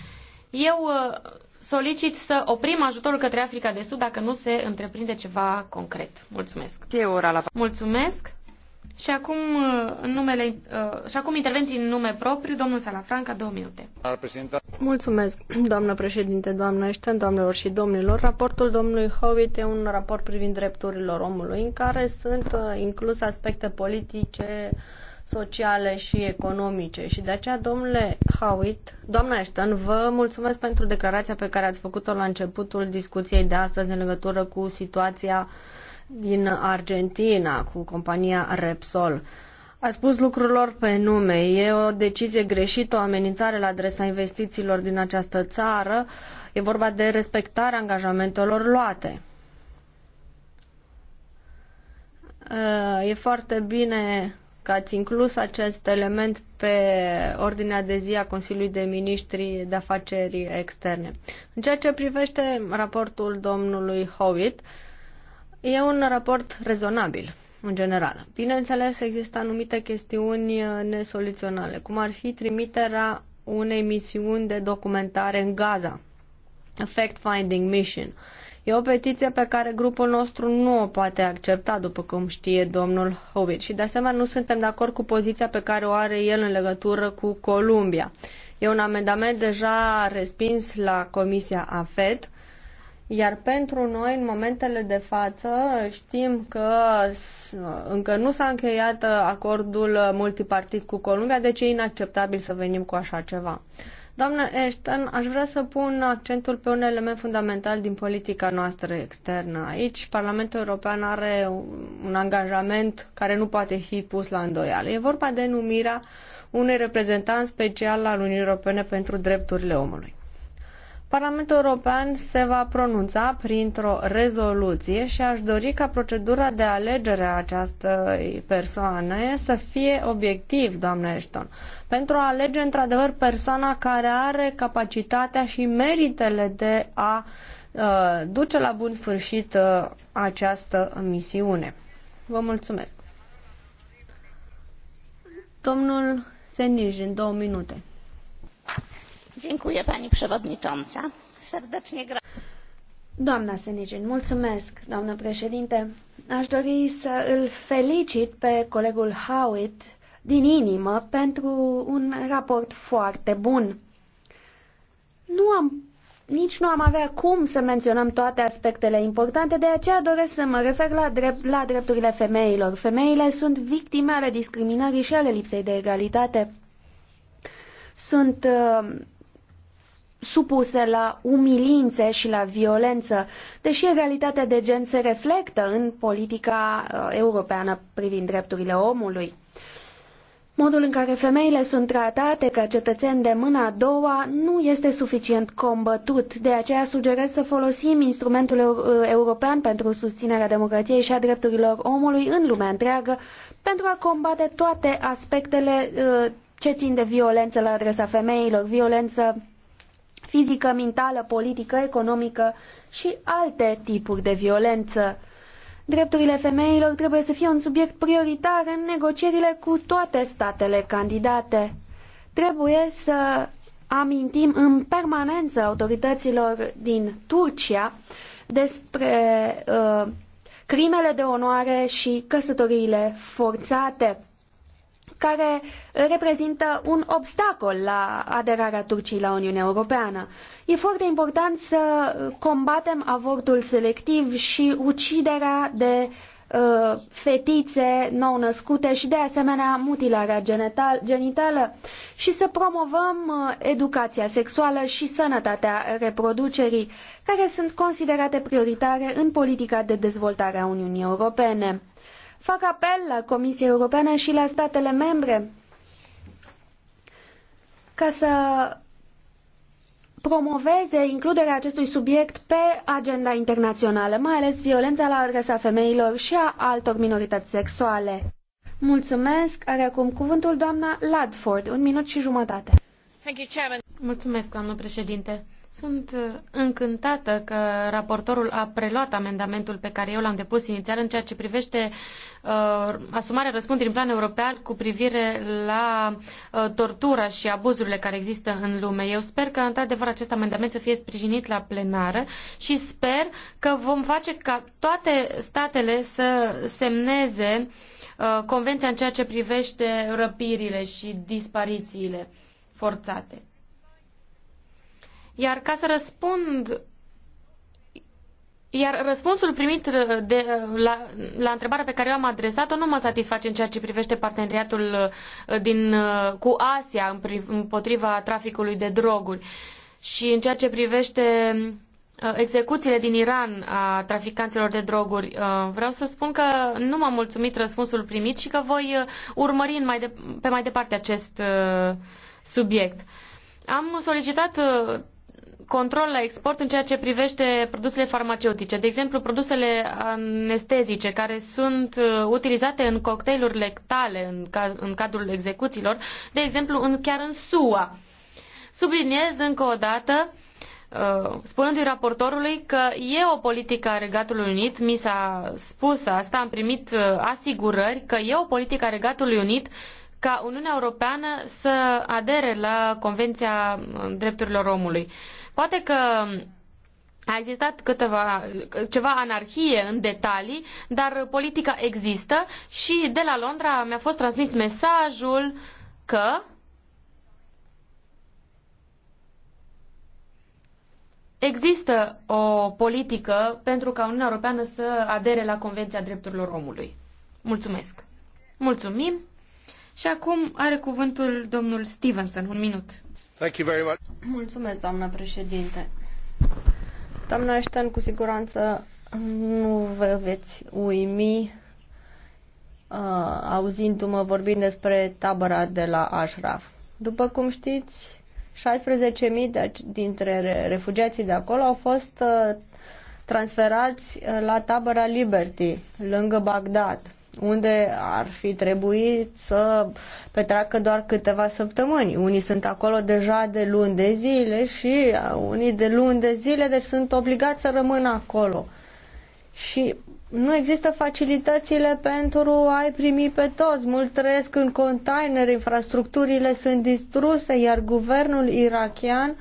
Eu uh, solicit să oprim ajutorul către Africa de Sud dacă nu se întreprinde ceva concret. Mulțumesc. Ce ora la... Mulțumesc. Și acum, uh, în numele, uh, și acum intervenții în nume propriu, domnul Salafranca, două minute. Mulțumesc, [clears throat] doamnă președinte, doamnă Eșten, doamnelor și domnilor. Raportul domnului Howitt e un raport privind drepturilor omului, în care sunt incluse aspecte politice, uh, sociale și economice. Și de aceea, domnule Howitt, doamna Ashton, vă mulțumesc pentru declarația pe care ați făcut-o la începutul discuției de astăzi în legătură cu situația din Argentina, cu compania Repsol. A spus lucrurilor pe nume. E o decizie greșită, o amenințare la adresa investițiilor din această țară. E vorba de respectarea angajamentelor luate. E foarte bine că ați inclus acest element pe ordinea de zi a Consiliului de Ministri de Afaceri Externe. În ceea ce privește raportul domnului Howitt, e un raport rezonabil, în general. Bineînțeles, există anumite chestiuni nesoluționale, cum ar fi trimiterea unei misiuni de documentare în Gaza, fact-finding mission. Uh, E o petiție pe care grupul nostru nu o poate accepta, după cum știe domnul Hovit. Și de asemenea nu suntem de acord cu poziția pe care o are el în legătură cu Columbia. E un amendament deja respins la Comisia AFET, iar pentru noi, în momentele de față, știm că încă nu s-a încheiat acordul multipartit cu Columbia, deci e inacceptabil să venim cu așa ceva. Doamnă Ashton, aș vrea să pun accentul pe un element fundamental din politica noastră externă. Aici, Parlamentul European are un angajament care nu poate fi pus la îndoială. E vorba de numirea unui reprezentant special al Uniunii Europene pentru drepturile omului. Parlamentul European se va pronunța printr-o rezoluție și aș dori ca procedura de alegere a acestei persoane să fie obiectiv, doamne Ashton, pentru a alege într-adevăr persoana care are capacitatea și meritele de a uh, duce la bun sfârșit uh, această misiune. Vă mulțumesc. Domnul Senij, în două minute pani przewodnicząca! serdecznie mulțumesc, doamnă președinte. Aș dori să îl felicit pe colegul Howitt din inimă pentru un raport foarte bun. Nu am, nici nu am avea cum să menționăm toate aspectele importante, de aceea doresc să mă refer la, drept, la drepturile femeilor. Femeile sunt victime ale discriminării și ale lipsei de egalitate. Sunt uh, supuse la umilințe și la violență, deși egalitatea de gen se reflectă în politica uh, europeană privind drepturile omului. Modul în care femeile sunt tratate ca cetățeni de mâna a doua nu este suficient combătut, de aceea sugerez să folosim instrumentul uh, european pentru susținerea democrației și a drepturilor omului în lumea întreagă pentru a combate toate aspectele uh, ce țin de violență la adresa femeilor, violență fizică, mentală, politică, economică și alte tipuri de violență. Drepturile femeilor trebuie să fie un subiect prioritar în negocierile cu toate statele candidate. Trebuie să amintim în permanență autorităților din Turcia despre uh, crimele de onoare și căsătoriile forțate care reprezintă un obstacol la aderarea Turciei la Uniunea Europeană. E foarte important să combatem avortul selectiv și uciderea de uh, fetițe nou-născute și de asemenea mutilarea genital genitală și să promovăm uh, educația sexuală și sănătatea reproducerii, care sunt considerate prioritare în politica de dezvoltare a Uniunii Europene. Fac apel la Comisia Europeană și la statele membre ca să promoveze includerea acestui subiect pe agenda internațională, mai ales violența la adresa femeilor și a altor minorități sexuale. Mulțumesc. Are acum cuvântul doamna Ladford. Un minut și jumătate. Mulțumesc, doamnă președinte. Sunt uh, încântată că raportorul a preluat amendamentul pe care eu l-am depus inițial în ceea ce privește uh, asumarea răspunderii în plan european cu privire la uh, tortura și abuzurile care există în lume. Eu sper că, într-adevăr, acest amendament să fie sprijinit la plenară și sper că vom face ca toate statele să semneze uh, convenția în ceea ce privește răpirile și disparițiile forțate. Iar ca să răspund iar răspunsul primit de, la, la întrebarea pe care eu am adresat-o nu mă satisface în ceea ce privește parteneriatul uh, din, uh, cu Asia împotriva traficului de droguri și în ceea ce privește uh, execuțiile din Iran a traficanților de droguri. Vreau să spun că nu m am mulțumit răspunsul primit și că voi urmări mai de, pe mai departe acest subiect. Am solicitat control la export în ceea ce privește produsele farmaceutice, de exemplu produsele anestezice care sunt uh, utilizate în cocktailuri lectale în, ca, în cadrul execuțiilor, de exemplu în, chiar în SUA. Subliniez încă o dată uh, spunându-i raportorului că e o politică a Regatului Unit, mi s-a spus asta, am primit uh, asigurări că e o politică a Regatului Unit ca Uniunea Europeană să adere la Convenția Drepturilor Omului. Poate că a existat câteva, ceva anarhie în detalii, dar politica există și de la Londra mi-a fost transmis mesajul că există o politică pentru ca Uniunea Europeană să adere la Convenția Drepturilor Omului. Mulțumesc! Mulțumim! Și acum are cuvântul domnul Stevenson. Un minut. Mulțumesc, doamnă președinte. Doamna Ashton, cu siguranță nu vă veți uimi uh, auzindu-mă vorbind despre tabăra de la Ashraf. După cum știți, 16.000 dintre refugiații de acolo au fost uh, transferați uh, la tabăra Liberty, lângă Bagdad unde ar fi trebuit să petreacă doar câteva săptămâni. Unii sunt acolo deja de luni de zile și uh, unii de luni de zile, deci sunt obligați să rămână acolo. Și nu există facilitățile pentru a-i primi pe toți. Mulți trăiesc în container, infrastructurile sunt distruse, iar guvernul irachian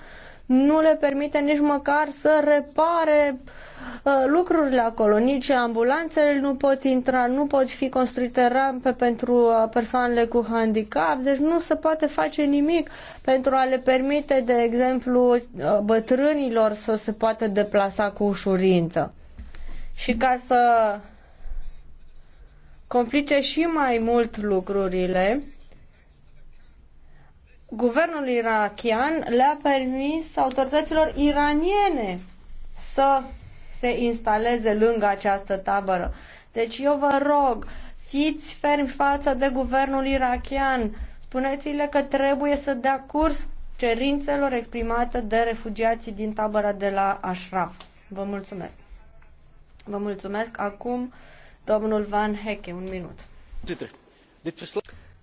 nu le permite nici măcar să repare uh, Uh, lucrurile acolo, nici ambulanțele nu pot intra, nu pot fi construite rampe pentru uh, persoanele cu handicap, deci nu se poate face nimic pentru a le permite, de exemplu, uh, bătrânilor să se poată deplasa cu ușurință. Și ca să complice și mai mult lucrurile, guvernul irachian le-a permis autorităților iraniene să se instaleze lângă această tabără. Deci eu vă rog, fiți fermi față de guvernul irachian, spuneți-le că trebuie să dea curs cerințelor exprimate de refugiații din tabăra de la Ashraf. Vă mulțumesc. Vă mulțumesc. Acum, domnul Van Heche, un minut.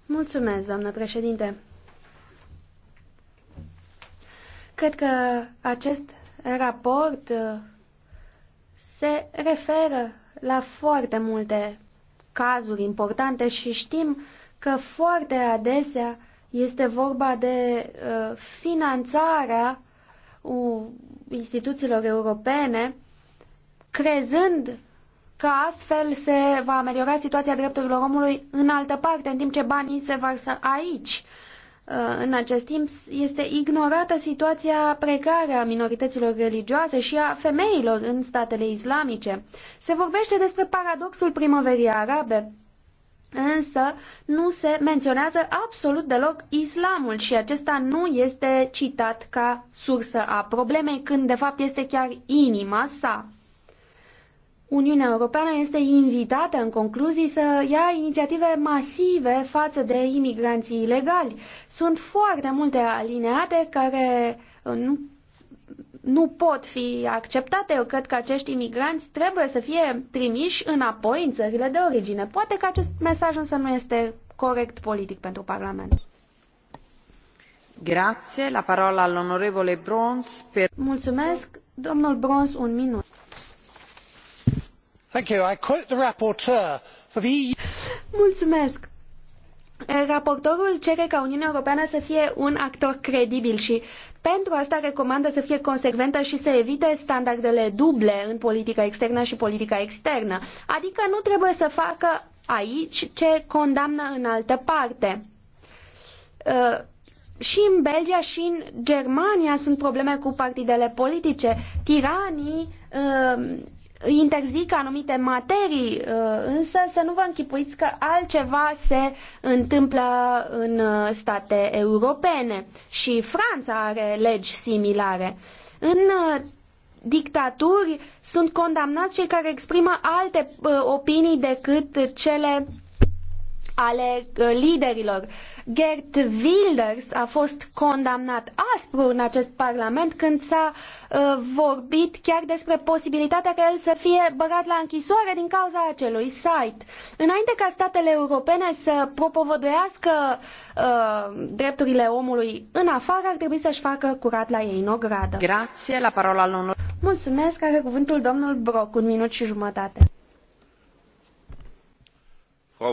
Mulțumesc, doamnă președinte. Cred că acest raport se referă la foarte multe cazuri importante și știm că foarte adesea este vorba de uh, finanțarea uh, instituțiilor europene, crezând că astfel se va ameliora situația drepturilor omului în altă parte, în timp ce banii se varsă aici. Uh, în acest timp este ignorată situația precară a minorităților religioase și a femeilor în statele islamice. Se vorbește despre paradoxul primăverii arabe, însă nu se menționează absolut deloc islamul și acesta nu este citat ca sursă a problemei, când de fapt este chiar inima sa. Uniunea Europeană este invitată în concluzii să ia inițiative masive față de imigranții ilegali. Sunt foarte multe alineate care uh, nu, nu pot fi acceptate. Eu cred că acești imigranți trebuie să fie trimiși înapoi în țările de origine. Poate că acest mesaj însă nu este corect politic pentru Parlament. Grazie, la parola all'onorevole per... Mulțumesc, domnul Brons, un minut. Mulțumesc. Raportorul cere ca Uniunea Europeană să fie un actor credibil și pentru asta recomandă să fie consecventă și să evite standardele duble în politica externă și politica externă. Adică nu trebuie să facă aici ce condamnă în altă parte. Uh, și în Belgia și în Germania sunt probleme cu partidele politice. Tiranii uh, interzic anumite materii, uh, însă să nu vă închipuiți că altceva se întâmplă în uh, state europene și Franța are legi similare. În uh, dictaturi sunt condamnați cei care exprimă alte opinii decât cele ale liderilor. Gert Wilders a fost condamnat aspru în acest parlament când s-a uh, vorbit chiar despre posibilitatea ca el să fie băgat la închisoare din cauza acelui site. Înainte ca statele europene să propovăduiască uh, drepturile omului în afară, ar trebui să-și facă curat la ei în ogradă. Grație, la parola lui. Mulțumesc, are cuvântul domnul Broc, un minut și jumătate. Frau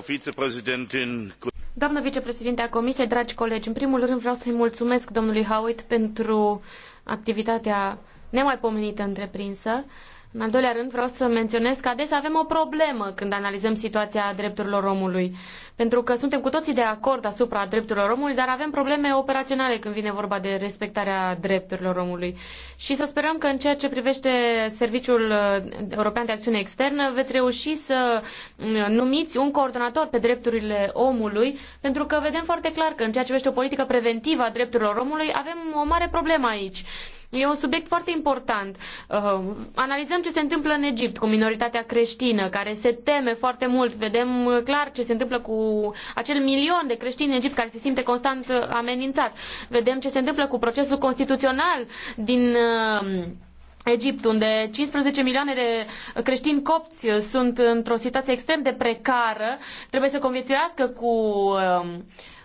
Doamnă vicepreședinte a Comisiei, dragi colegi, în primul rând vreau să-i mulțumesc domnului Howitt pentru activitatea nemaipomenită întreprinsă. Uh, în al doilea rând, vreau să menționez că adesea avem o problemă când analizăm situația drepturilor omului. Pentru că suntem cu toții de acord asupra drepturilor omului, dar avem probleme operaționale când vine vorba de respectarea drepturilor omului. Și să sperăm că în ceea ce privește Serviciul uh, European de Acțiune Externă veți reuși să um, numiți un coordonator pe drepturile omului, pentru că vedem foarte clar că în ceea ce privește o politică preventivă a drepturilor omului avem o mare problemă aici. E un subiect foarte important. Uh, analizăm ce se întâmplă în Egipt cu minoritatea creștină, care se teme foarte mult. Vedem uh, clar ce se întâmplă cu acel milion de creștini în Egipt care se simte constant uh, amenințat. Vedem ce se întâmplă cu procesul constituțional din Egipt, unde 15 milioane de creștini copți sunt într-o situație extrem de precară, trebuie să conviețuiască cu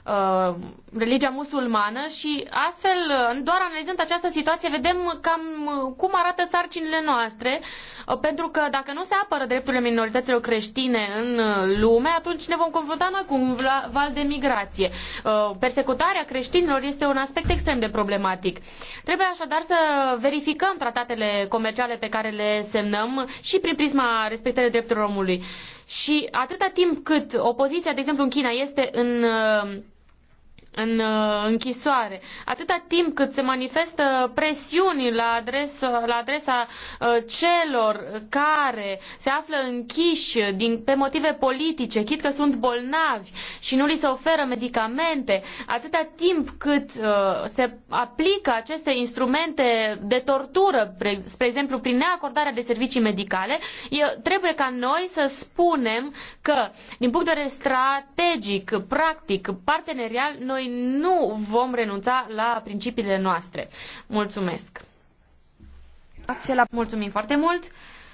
Uh, religia musulmană și astfel, uh, doar analizând această situație, vedem cam uh, cum arată sarcinile noastre, pentru că dacă nu se apără drepturile minorităților creștine în lume, atunci ne vom confrunta noi cu un val de migrație. persecutarea creștinilor este un aspect extrem de problematic. Trebuie așadar să verificăm tratatele comerciale pe care le semnăm și prin prisma respectării drepturilor omului. Și atâta timp cât opoziția, de exemplu, în China este în în uh, închisoare. Atâta timp cât se manifestă presiuni la adresa, la adresa uh, celor care se află închiși din, pe motive politice, chit că sunt bolnavi și nu li se oferă medicamente, atâta timp cât uh, se aplică aceste instrumente de tortură, spre exemplu prin neacordarea de servicii medicale, trebuie ca noi să spunem că, din punct de vedere strategic, practic, partenerial, noi noi nu vom renunța la principiile noastre. Mulțumesc! Mulțumim foarte mult!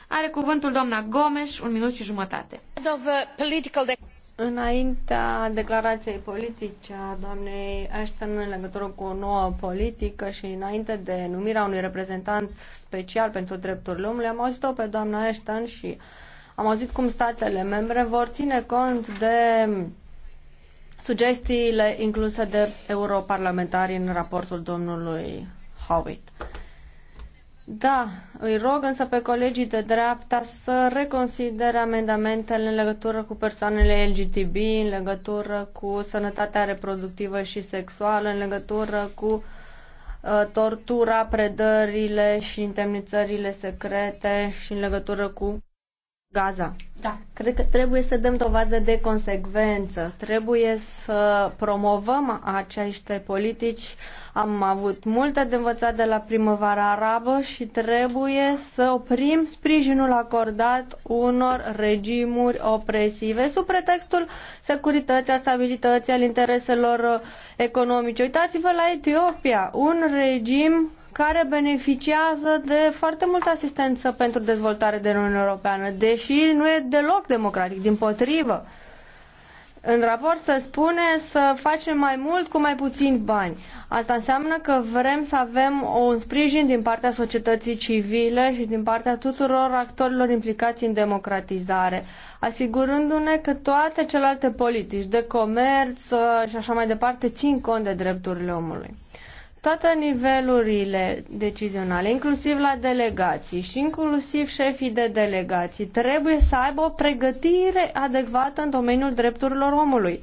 Are cuvântul doamna Gomes, un minut și jumătate. Înaintea declarației politice a doamnei Ashton în legătură cu o nouă politică și înainte de numirea unui reprezentant special pentru drepturile omului, am auzit-o pe doamna Ashton și am auzit cum statele membre vor ține cont de sugestiile incluse de europarlamentari în raportul domnului Howitt. Da, îi rog însă pe colegii de dreapta să reconsidere amendamentele în legătură cu persoanele LGTB, în legătură cu sănătatea reproductivă și sexuală, în legătură cu uh, tortura, predările și întemnițările secrete și în legătură cu Gaza. Da. Cred că trebuie să dăm dovadă de consecvență, trebuie să promovăm aceste politici. Am avut multe de învățat de la primăvara arabă și trebuie să oprim sprijinul acordat unor regimuri opresive sub pretextul securității, a stabilității, al intereselor economice. Uitați-vă la Etiopia, un regim care beneficiază de foarte multă asistență pentru dezvoltare de Uniunea Europeană, deși nu e deloc democratic, din potrivă. În raport se spune să facem mai mult cu mai puțin bani. Asta înseamnă că vrem să avem un sprijin din partea societății civile și din partea tuturor actorilor implicați în democratizare, asigurându-ne că toate celelalte politici de comerț uh, și așa mai departe țin cont de drepturile omului toate nivelurile decizionale, inclusiv la delegații și inclusiv șefii de delegații, trebuie să aibă o pregătire adecvată în domeniul drepturilor omului.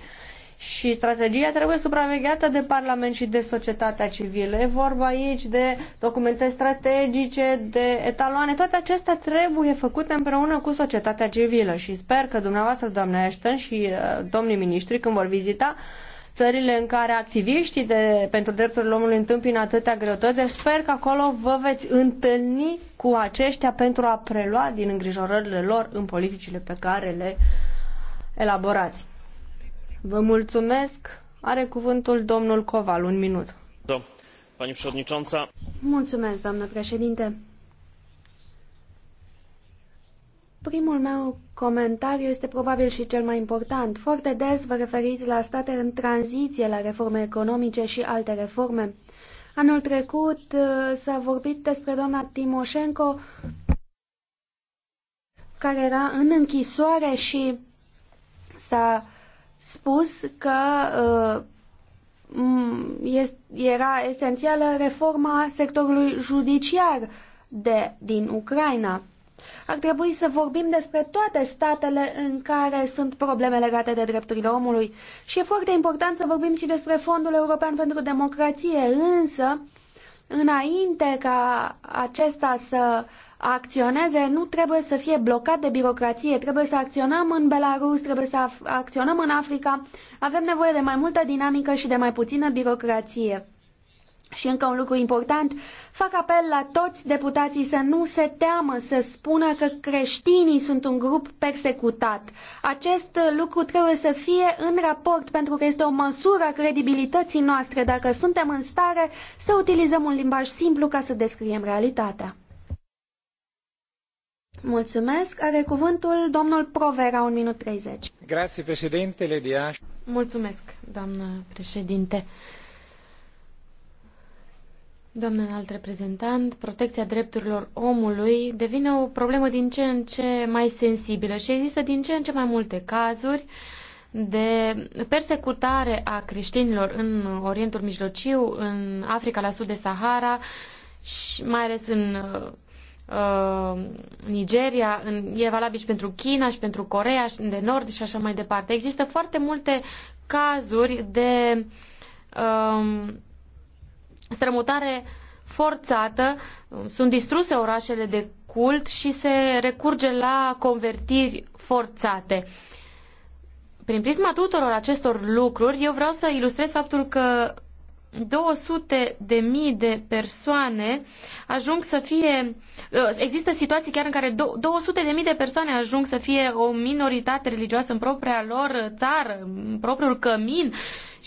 Și strategia trebuie supravegheată de Parlament și de societatea civilă. E vorba aici de documente strategice, de etaloane. Toate acestea trebuie făcute împreună cu societatea civilă. Și sper că dumneavoastră, doamne Ashton și uh, domnii miniștri, când vor vizita, țările în care activiștii de, pentru drepturile omului întâmpină atâtea greutăți, deci sper că acolo vă veți întâlni cu aceștia pentru a prelua din îngrijorările lor în politicile pe care le elaborați. Vă mulțumesc. Are cuvântul domnul Coval, un minut. Da. Mulțumesc, doamnă președinte. Primul meu comentariu este probabil și cel mai important. Foarte des vă referiți la state în tranziție, la reforme economice și alte reforme. Anul trecut uh, s-a vorbit despre doamna Timoșenko, care era în închisoare și s-a spus că uh, era esențială reforma sectorului judiciar de, din Ucraina. Ar trebui să vorbim despre toate statele în care sunt probleme legate de drepturile omului și e foarte important să vorbim și despre Fondul European pentru Democrație, însă, înainte ca acesta să acționeze, nu trebuie să fie blocat de birocrație, trebuie să acționăm în Belarus, trebuie să acționăm în Africa, avem nevoie de mai multă dinamică și de mai puțină birocrație. Și încă un lucru important, fac apel la toți deputații să nu se teamă să spună că creștinii sunt un grup persecutat. Acest lucru trebuie să fie în raport pentru că este o măsură a credibilității noastre dacă suntem în stare să utilizăm un limbaj simplu ca să descriem realitatea. Mulțumesc. Are cuvântul domnul Provera, un minut 30. Grazie, președintele Mulțumesc, doamnă președinte. Doamne alt reprezentant, protecția drepturilor omului devine o problemă din ce în ce mai sensibilă și există din ce în ce mai multe cazuri de persecutare a creștinilor în Orientul Mijlociu, în Africa la sud de Sahara și mai ales în uh, Nigeria, în, e valabil și pentru China și pentru Corea de Nord și așa mai departe. Există foarte multe cazuri de uh, strămutare forțată, sunt distruse orașele de cult și se recurge la convertiri forțate. Prin prisma tuturor acestor lucruri, eu vreau să ilustrez faptul că 200 de mii de persoane ajung să fie. Ă, există situații chiar în care 200 de mii de persoane ajung să fie o minoritate religioasă în propria lor țară, în propriul cămin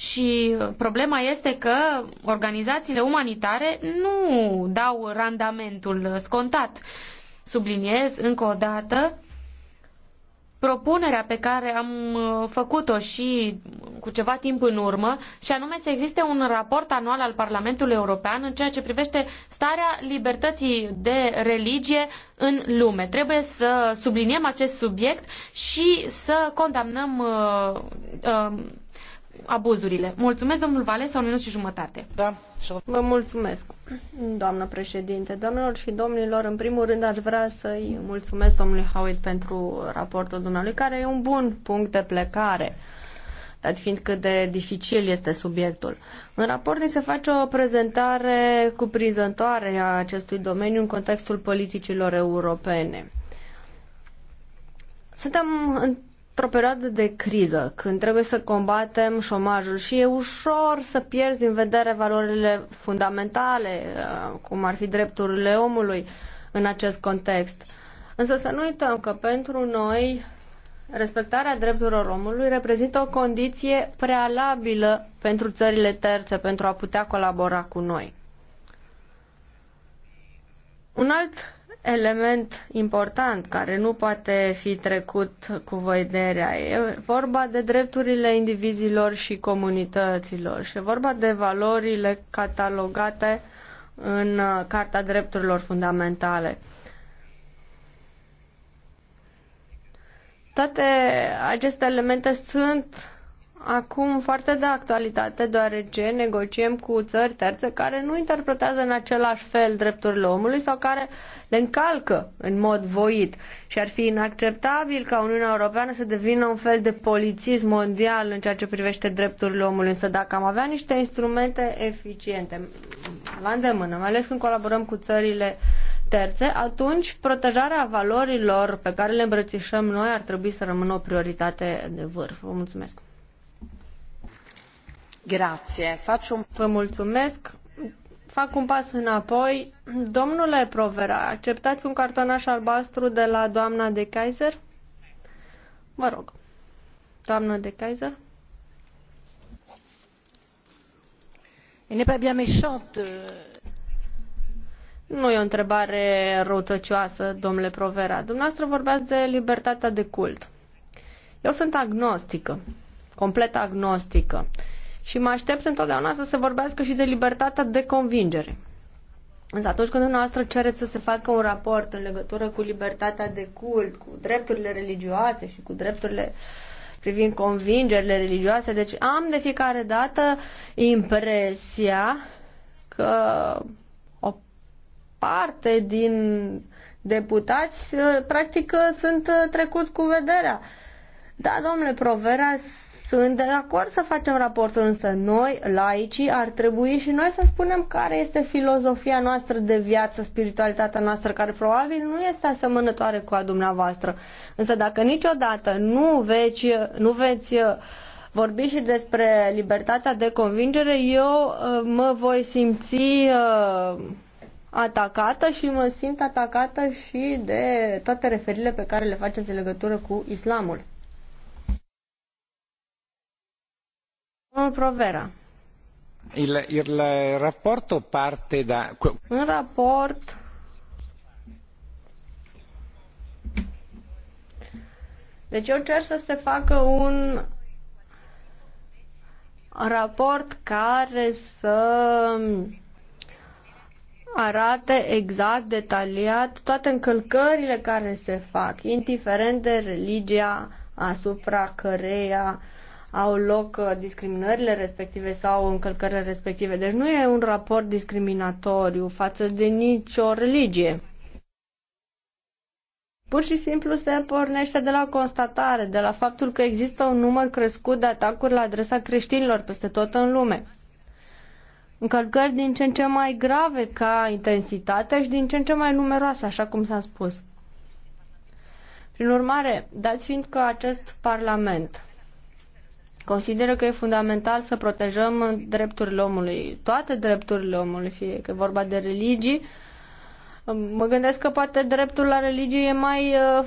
și problema este că organizațiile umanitare nu dau randamentul scontat. Subliniez încă o dată propunerea pe care am uh, făcut-o și cu ceva timp în urmă, și anume să existe un raport anual al Parlamentului European în ceea ce privește starea libertății de religie în lume. Trebuie să subliniem acest subiect și să condamnăm uh, uh, abuzurile. Mulțumesc, domnul Vale sau minut și jumătate. Da. Vă mulțumesc, doamnă președinte. Doamnelor și domnilor, în primul rând aș vrea să-i mulțumesc domnului Howitt pentru raportul dumneavoastră, care e un bun punct de plecare dat fiind cât de dificil este subiectul. În raport ni se face o prezentare cuprinzătoare a acestui domeniu în contextul politicilor europene. Suntem într-o perioadă de criză, când trebuie să combatem șomajul și e ușor să pierzi din vedere valorile fundamentale, uh, cum ar fi drepturile omului în acest context. Însă să nu uităm că pentru noi respectarea drepturilor omului reprezintă o condiție prealabilă pentru țările terțe pentru a putea colabora cu noi. Un alt element important care nu poate fi trecut cu vederea. E vorba de drepturile indivizilor și comunităților și e vorba de valorile catalogate în uh, Carta Drepturilor Fundamentale. Toate aceste elemente sunt acum foarte de actualitate, deoarece negociem cu țări terțe care nu interpretează în același fel drepturile omului sau care le încalcă în mod voit. Și ar fi inacceptabil ca Uniunea Europeană să devină un fel de polițism mondial în ceea ce privește drepturile omului. Însă dacă am avea niște instrumente eficiente, la îndemână, mai ales când colaborăm cu țările terțe, atunci protejarea valorilor pe care le îmbrățișăm noi ar trebui să rămână o prioritate de vârf. Vă mulțumesc! Un... Vă mulțumesc. Fac un pas înapoi. Domnule Provera, acceptați un cartonaș albastru de la doamna de Kaiser? Vă rog. Doamnă de Kaiser? Euh. Nu e o întrebare răutăcioasă, domnule Provera. Dumneavoastră vorbeați de libertatea de cult. Eu sunt agnostică, complet agnostică. Și mă aștept întotdeauna să se vorbească și de libertatea de convingere. Însă atunci când dumneavoastră cereți să se facă un raport în legătură cu libertatea de cult, cu drepturile religioase și cu drepturile privind convingerile religioase, deci am de fiecare dată impresia că o parte din deputați practic sunt trecuți cu vederea. Da, domnule proverea sunt de acord să facem raportul, însă noi, laicii, ar trebui și noi să spunem care este filozofia noastră de viață, spiritualitatea noastră, care probabil nu este asemănătoare cu a dumneavoastră. Însă dacă niciodată nu veți, nu veți uh, vorbi și despre libertatea de convingere, eu uh, mă voi simți uh, atacată și mă simt atacată și de toate referile pe care le faceți în legătură cu islamul. Provera. Il, il rapporto parte da... Un raport Deci eu încerc să se facă un raport care să arate exact, detaliat toate încălcările care se fac, indiferent de religia asupra căreia au loc uh, discriminările respective sau încălcările respective. Deci nu e un raport discriminatoriu față de nicio religie. Pur și simplu se pornește de la constatare, de la faptul că există un număr crescut de atacuri la adresa creștinilor peste tot în lume. Încălcări din ce în ce mai grave ca intensitate și din ce în ce mai numeroase, așa cum s-a spus. Prin urmare, dați fiind că acest Parlament Consideră că e fundamental să protejăm drepturile omului, toate drepturile omului, fie că e vorba de religii. Mă gândesc că poate dreptul la religie e mai uh,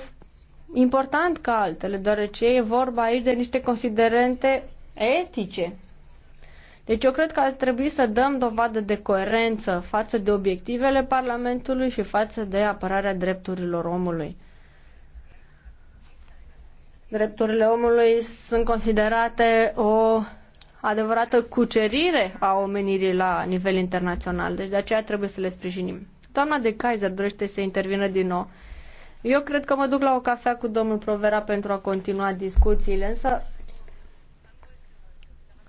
important ca altele, deoarece e vorba aici de niște considerente etice. Deci eu cred că ar trebui să dăm dovadă de coerență față de obiectivele Parlamentului și față de apărarea drepturilor omului. Drepturile omului sunt considerate o adevărată cucerire a omenirii la nivel internațional, deci de aceea trebuie să le sprijinim. Doamna de Kaiser dorește să intervină din nou. Eu cred că mă duc la o cafea cu domnul Provera pentru a continua discuțiile, însă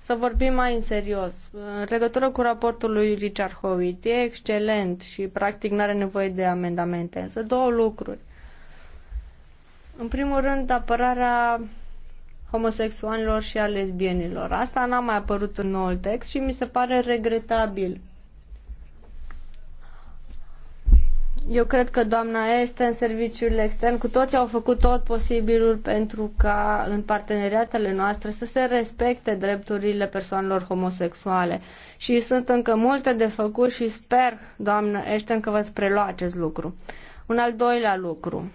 să vorbim mai în serios. În legătură cu raportul lui Richard Howitt, e excelent și practic nu are nevoie de amendamente, însă două lucruri. În primul rând, apărarea homosexualilor și a lesbienilor. Asta n-a mai apărut în noul text și mi se pare regretabil. Eu cred că doamna este în serviciul extern. Cu toți au făcut tot posibilul pentru ca în parteneriatele noastre să se respecte drepturile persoanelor homosexuale. Și sunt încă multe de făcut și sper, doamnă Ashton, că vă prelua acest lucru. Un al doilea lucru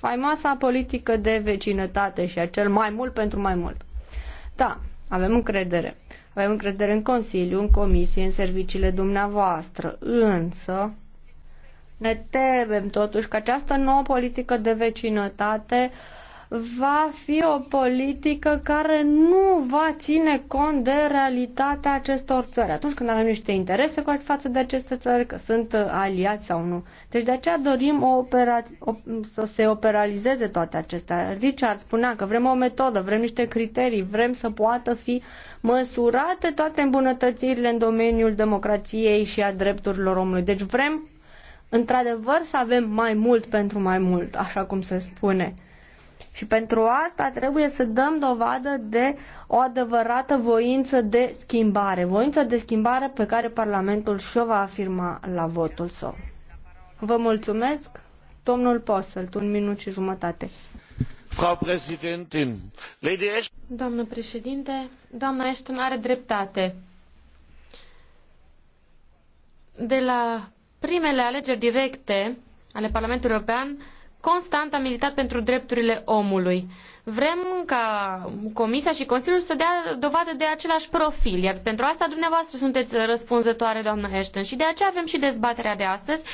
faimoasa politică de vecinătate și acel mai mult pentru mai mult. Da, avem încredere. Avem încredere în Consiliu, în Comisie, în serviciile dumneavoastră. Însă, ne temem totuși că această nouă politică de vecinătate uh, va fi o politică care nu va ține cont de realitatea acestor țări. Atunci când avem niște interese cu față de aceste țări, că sunt uh, aliați sau nu. Deci de aceea dorim o opera, o, să se operalizeze toate acestea. Richard spunea că vrem o metodă, vrem niște criterii, vrem să poată fi măsurate toate îmbunătățirile în domeniul democrației și a drepturilor omului. Deci vrem într-adevăr să avem mai mult pentru mai mult, așa cum se spune. Și pentru asta trebuie să dăm dovadă de o adevărată voință de schimbare, voință de schimbare pe care Parlamentul și-o va afirma la votul său. Vă mulțumesc, domnul Posselt, un minut și jumătate. Frau Präsidentin, Lady Ashton... Doamnă președinte, doamna Ashton are dreptate. De la primele alegeri directe ale Parlamentului European, constant a militat pentru drepturile omului. Vrem ca Comisia și Consiliul să dea dovadă de același profil, iar pentru asta dumneavoastră sunteți răspunzătoare, doamnă Ashton, și de aceea avem și dezbaterea de astăzi,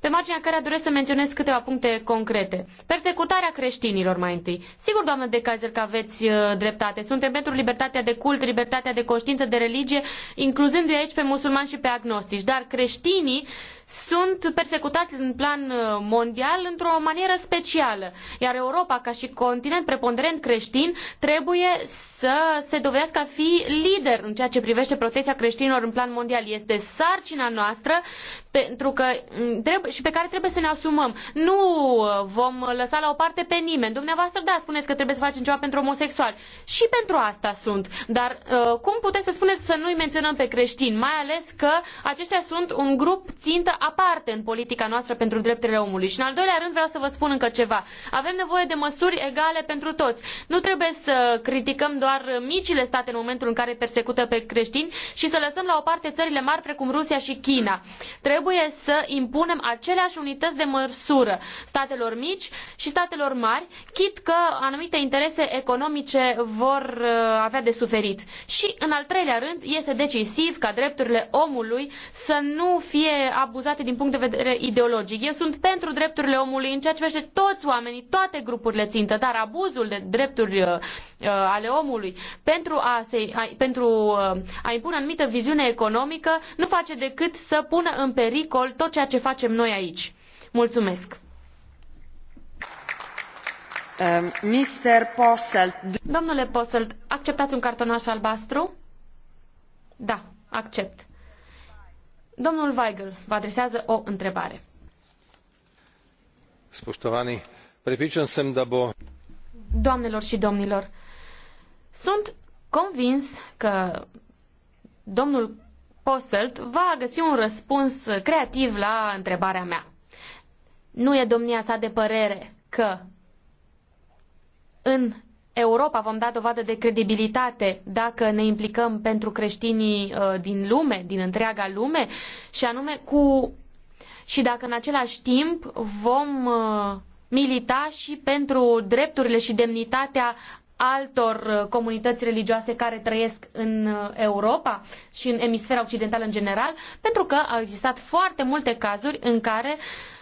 pe marginea care doresc să menționez câteva puncte concrete. Persecutarea creștinilor mai întâi. Sigur, doamnă de Kaiser, că aveți uh, dreptate. Suntem pentru libertatea de cult, libertatea de conștiință, de religie, incluzându-i aici pe musulmani și pe agnostici. Dar creștinii sunt persecutați în plan uh, mondial într-o manieră specială. Iar Europa, ca și continent preponderent creștin, trebuie să se dovedească a fi lider în ceea ce privește protecția creștinilor în plan mondial. Este sarcina noastră pentru că, mm, trebuie, și pe care trebuie să ne asumăm. Nu uh, vom lăsa la o parte pe nimeni. Dumneavoastră, da, spuneți că trebuie să facem ceva pentru homosexuali. Și pentru asta sunt. Dar uh, cum puteți să spuneți să nu-i menționăm pe creștini? Mai ales că aceștia sunt un grup țintă aparte în politica noastră pentru drepturile omului. Și în al doilea rând vreau să vă spun încă ceva. Avem nevoie de măsuri egale pentru toți. Nu trebuie să criticăm doar micile state în momentul în care persecută pe creștini și să lăsăm la o parte țările mari precum Rusia și China. Trebuie să impunem aceleași unități de măsură statelor mici și statelor mari, chit că anumite interese economice vor uh, avea de suferit. Și în al treilea rând este decisiv ca drepturile omului să nu fie abuzate abuzate din punct de vedere ideologic. Eu sunt pentru drepturile omului în ceea ce privește toți oamenii, toate grupurile țintă, dar abuzul de drepturi uh, uh ale omului pentru a, se, a, pentru uh, a impune anumită viziune economică nu face decât să pună în pericol tot ceea ce facem noi aici. Mulțumesc! Uh, um, Mr. Posselt. Domnule Posselt, acceptați un cartonaș albastru? Da, accept. Domnul Weigel vă adresează o întrebare. Spoștovani, prepričan semn de da bo... Doamnelor și domnilor, sunt convins că domnul Poselt va găsi un răspuns creativ la întrebarea mea. Nu e domnia sa de părere că în Europa vom da dovadă de credibilitate dacă ne implicăm pentru creștinii uh, din lume, din întreaga lume, și anume cu și dacă în același timp vom uh, milita și pentru drepturile și demnitatea altor uh, comunități religioase care trăiesc în Europa și în emisfera occidentală în general, pentru că au existat foarte multe cazuri în care uh,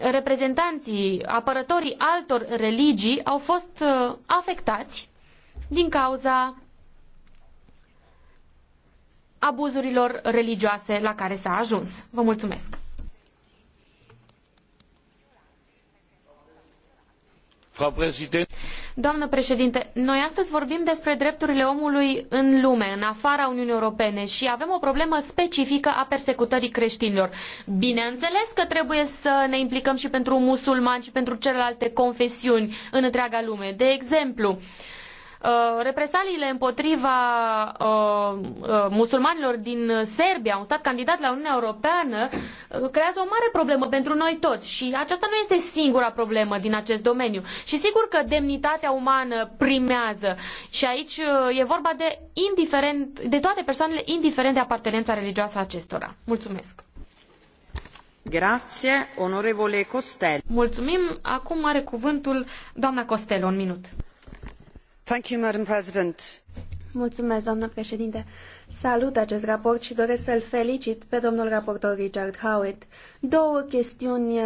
reprezentanții, apărătorii altor religii au fost uh, afectați din cauza abuzurilor religioase la care s-a ajuns. Vă mulțumesc! Frau Präsident. Doamnă președinte, noi astăzi vorbim despre drepturile omului în lume, în afara Uniunii Europene și avem o problemă specifică a persecutării creștinilor. Bineînțeles că trebuie să ne implicăm și pentru musulmani și pentru celelalte confesiuni în întreaga lume. De exemplu, uh, Uh, represaliile împotriva uh, uh, musulmanilor din Serbia, un stat candidat la Uniunea Europeană, creează o mare problemă pentru noi toți și aceasta nu este singura problemă din acest domeniu. Și sigur că demnitatea umană primează și aici e vorba de, indiferent, de toate persoanele, indiferent de apartenența religioasă a acestora. Mulțumesc! Grazie, onorevole Costel. Mulțumim. Acum are cuvântul doamna Costel un minut. Mulțumesc, președinte. Salut acest raport și doresc să-l felicit pe domnul raportor Richard Howitt. Două chestiuni uh,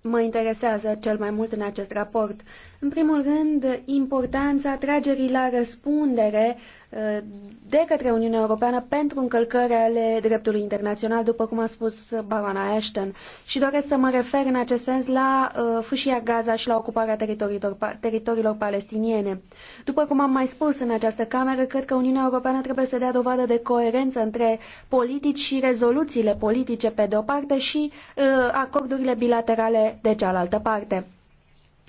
mă interesează cel mai mult în acest raport. În primul rând, importanța tragerii la răspundere uh, de către Uniunea Europeană pentru încălcări ale dreptului internațional, după cum a spus barona Ashton. Și doresc să mă refer în acest sens la uh, fâșia Gaza și la ocuparea teritoriilor, teritoriilor palestiniene. După cum am mai spus în această cameră, cred că Uniunea Europeană trebuie să dea dovadă de coerență între politici și rezoluțiile politice pe de o parte și uh, acordurile bilaterale de cealaltă parte.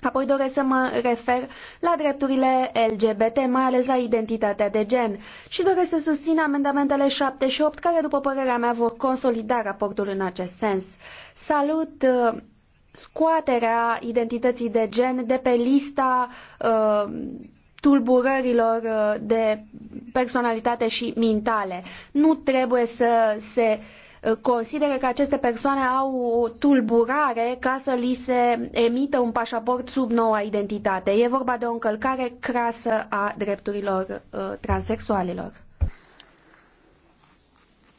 Apoi doresc să mă refer la drepturile LGBT, mai ales la identitatea de gen. Și doresc să susțin amendamentele 7 și 8, care, după părerea mea, vor consolida raportul în acest sens. Salut uh, scoaterea identității de gen de pe lista uh, tulburărilor uh, de personalitate și mintale. Nu trebuie să se uh, consideră că aceste persoane au o tulburare ca să li se emită un pașaport sub noua identitate. E vorba de o încălcare crasă a drepturilor uh, transexualilor.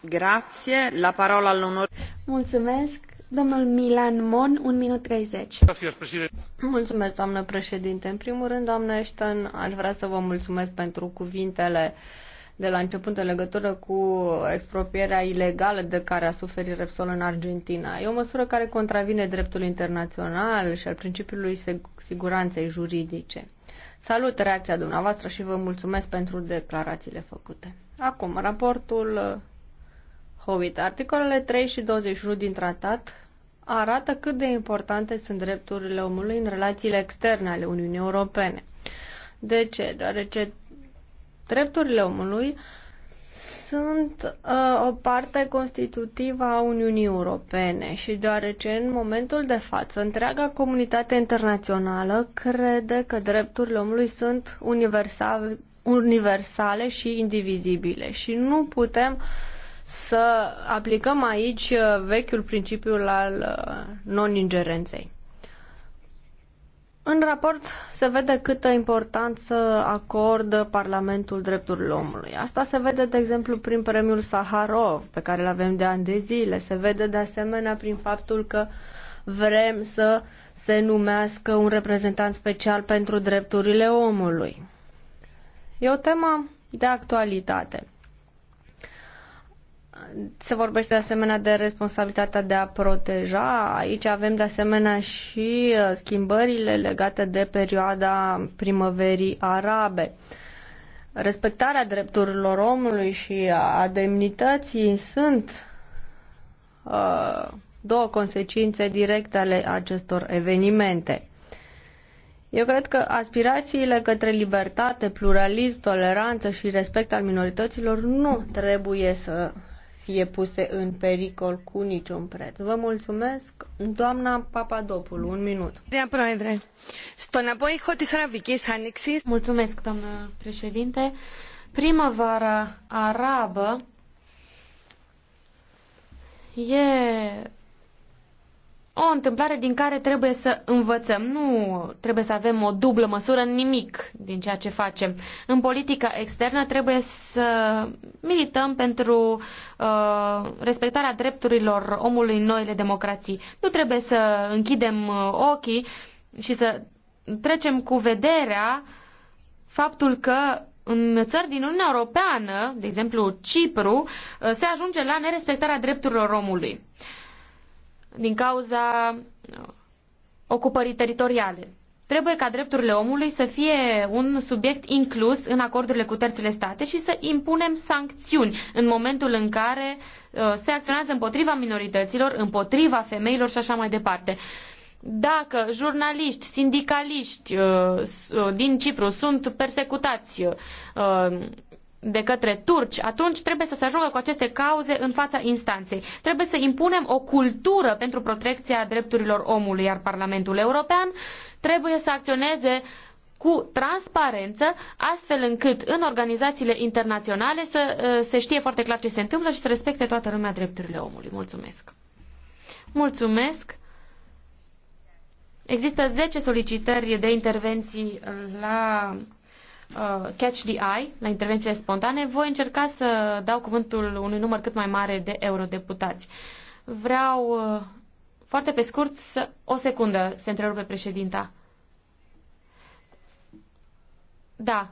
Grazie, la parola all'onore. Mulțumesc. Domnul Milan Mon, 1 minut 30. Mulțumesc, doamnă președinte. În primul rând, doamnă Ashton, aș vrea să vă mulțumesc pentru cuvintele de la început în legătură cu expropierea ilegală de care a suferit Repsol în Argentina. E o măsură care contravine dreptul internațional și al principiului siguranței juridice. Salut reacția dumneavoastră și vă mulțumesc pentru declarațiile făcute. Acum, raportul uh, Hovit, Articolele 3 și 21 din tratat arată cât de importante sunt drepturile omului în relațiile externe ale Uniunii Europene. De ce? Deoarece Drepturile omului sunt uh, o parte constitutivă a Uniunii Europene și deoarece în momentul de față întreaga comunitate internațională crede că drepturile omului sunt universale, universale și indivizibile și nu putem să aplicăm aici uh, vechiul principiu al uh, non-ingerenței. În raport se vede câtă importanță acordă Parlamentul drepturilor omului. Asta se vede, de exemplu, prin premiul Saharov, pe care îl avem de ani de zile. Se vede, de asemenea, prin faptul că vrem să se numească un reprezentant special pentru drepturile omului. E o temă de actualitate se vorbește de asemenea de responsabilitatea de a proteja. Aici avem de asemenea și uh, schimbările legate de perioada primăverii arabe. Respectarea drepturilor omului și a demnității sunt uh, două consecințe directe ale acestor evenimente. Eu cred că aspirațiile către libertate, pluralism, toleranță și respect al minorităților nu trebuie să fie puse în pericol cu niciun preț. Vă mulțumesc, doamna Papadopoulou, un minut. Mulțumesc, doamnă președinte. Primăvara arabă e o întâmplare din care trebuie să învățăm. Nu trebuie să avem o dublă măsură în nimic din ceea ce facem. În politica externă trebuie să milităm pentru uh, respectarea drepturilor omului în noile democrații. Nu trebuie să închidem uh, ochii și să trecem cu vederea faptul că în țări din Uniunea Europeană, de exemplu Cipru, uh, se ajunge la nerespectarea drepturilor omului. Uh, din cauza uh, ocupării teritoriale. Trebuie ca drepturile omului să fie un subiect inclus în acordurile cu terțele state și să impunem sancțiuni în momentul în care uh, se acționează împotriva minorităților, împotriva femeilor și așa mai departe. Dacă jurnaliști, sindicaliști uh, din Cipru sunt persecutați, de către turci, atunci trebuie să se ajungă cu aceste cauze în fața instanței. Trebuie să impunem o cultură pentru protecția drepturilor omului, iar Parlamentul European trebuie să acționeze cu transparență, astfel încât în organizațiile internaționale să uh, se știe foarte clar ce se întâmplă și să respecte toată lumea drepturile omului. Mulțumesc! Mulțumesc! Există zece solicitări de intervenții uh, la uh, Catch the Eye, la intervențiile spontane, voi încerca să dau cuvântul unui număr cât mai mare de eurodeputați. Vreau, uh, foarte pe scurt, să... o secundă se întrerupe președinta. Da.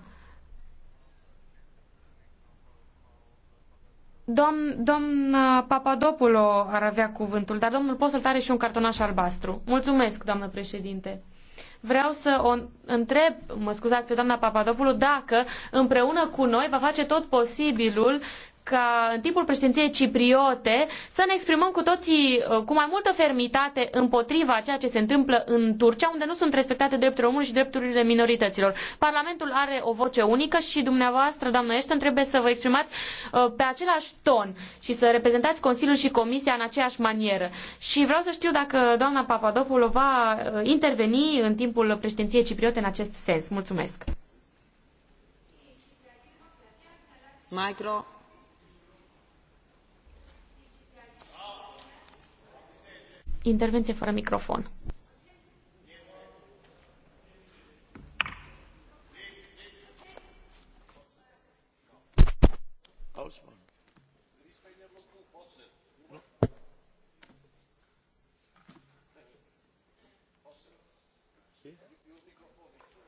Domn, domn Papadopulo ar avea cuvântul, dar domnul Posălt are și un cartonaș albastru. Mulțumesc, doamnă președinte vreau să o întreb, mă scuzați, pe doamna Papadopoulou, dacă împreună cu noi va face tot posibilul ca în timpul președinției cipriote să ne exprimăm cu toții uh, cu mai multă fermitate împotriva ceea ce se întâmplă în Turcia, unde nu sunt respectate drepturile omului și drepturile minorităților. Parlamentul are o voce unică și dumneavoastră, doamnă Ashton, trebuie să vă exprimați uh, pe același ton și să reprezentați Consiliul și Comisia în aceeași manieră. Și vreau să știu dacă doamna Papadopoulou va uh, interveni în timpul președinției cipriote în acest sens. Mulțumesc. Micro. Intervenție fără microfon.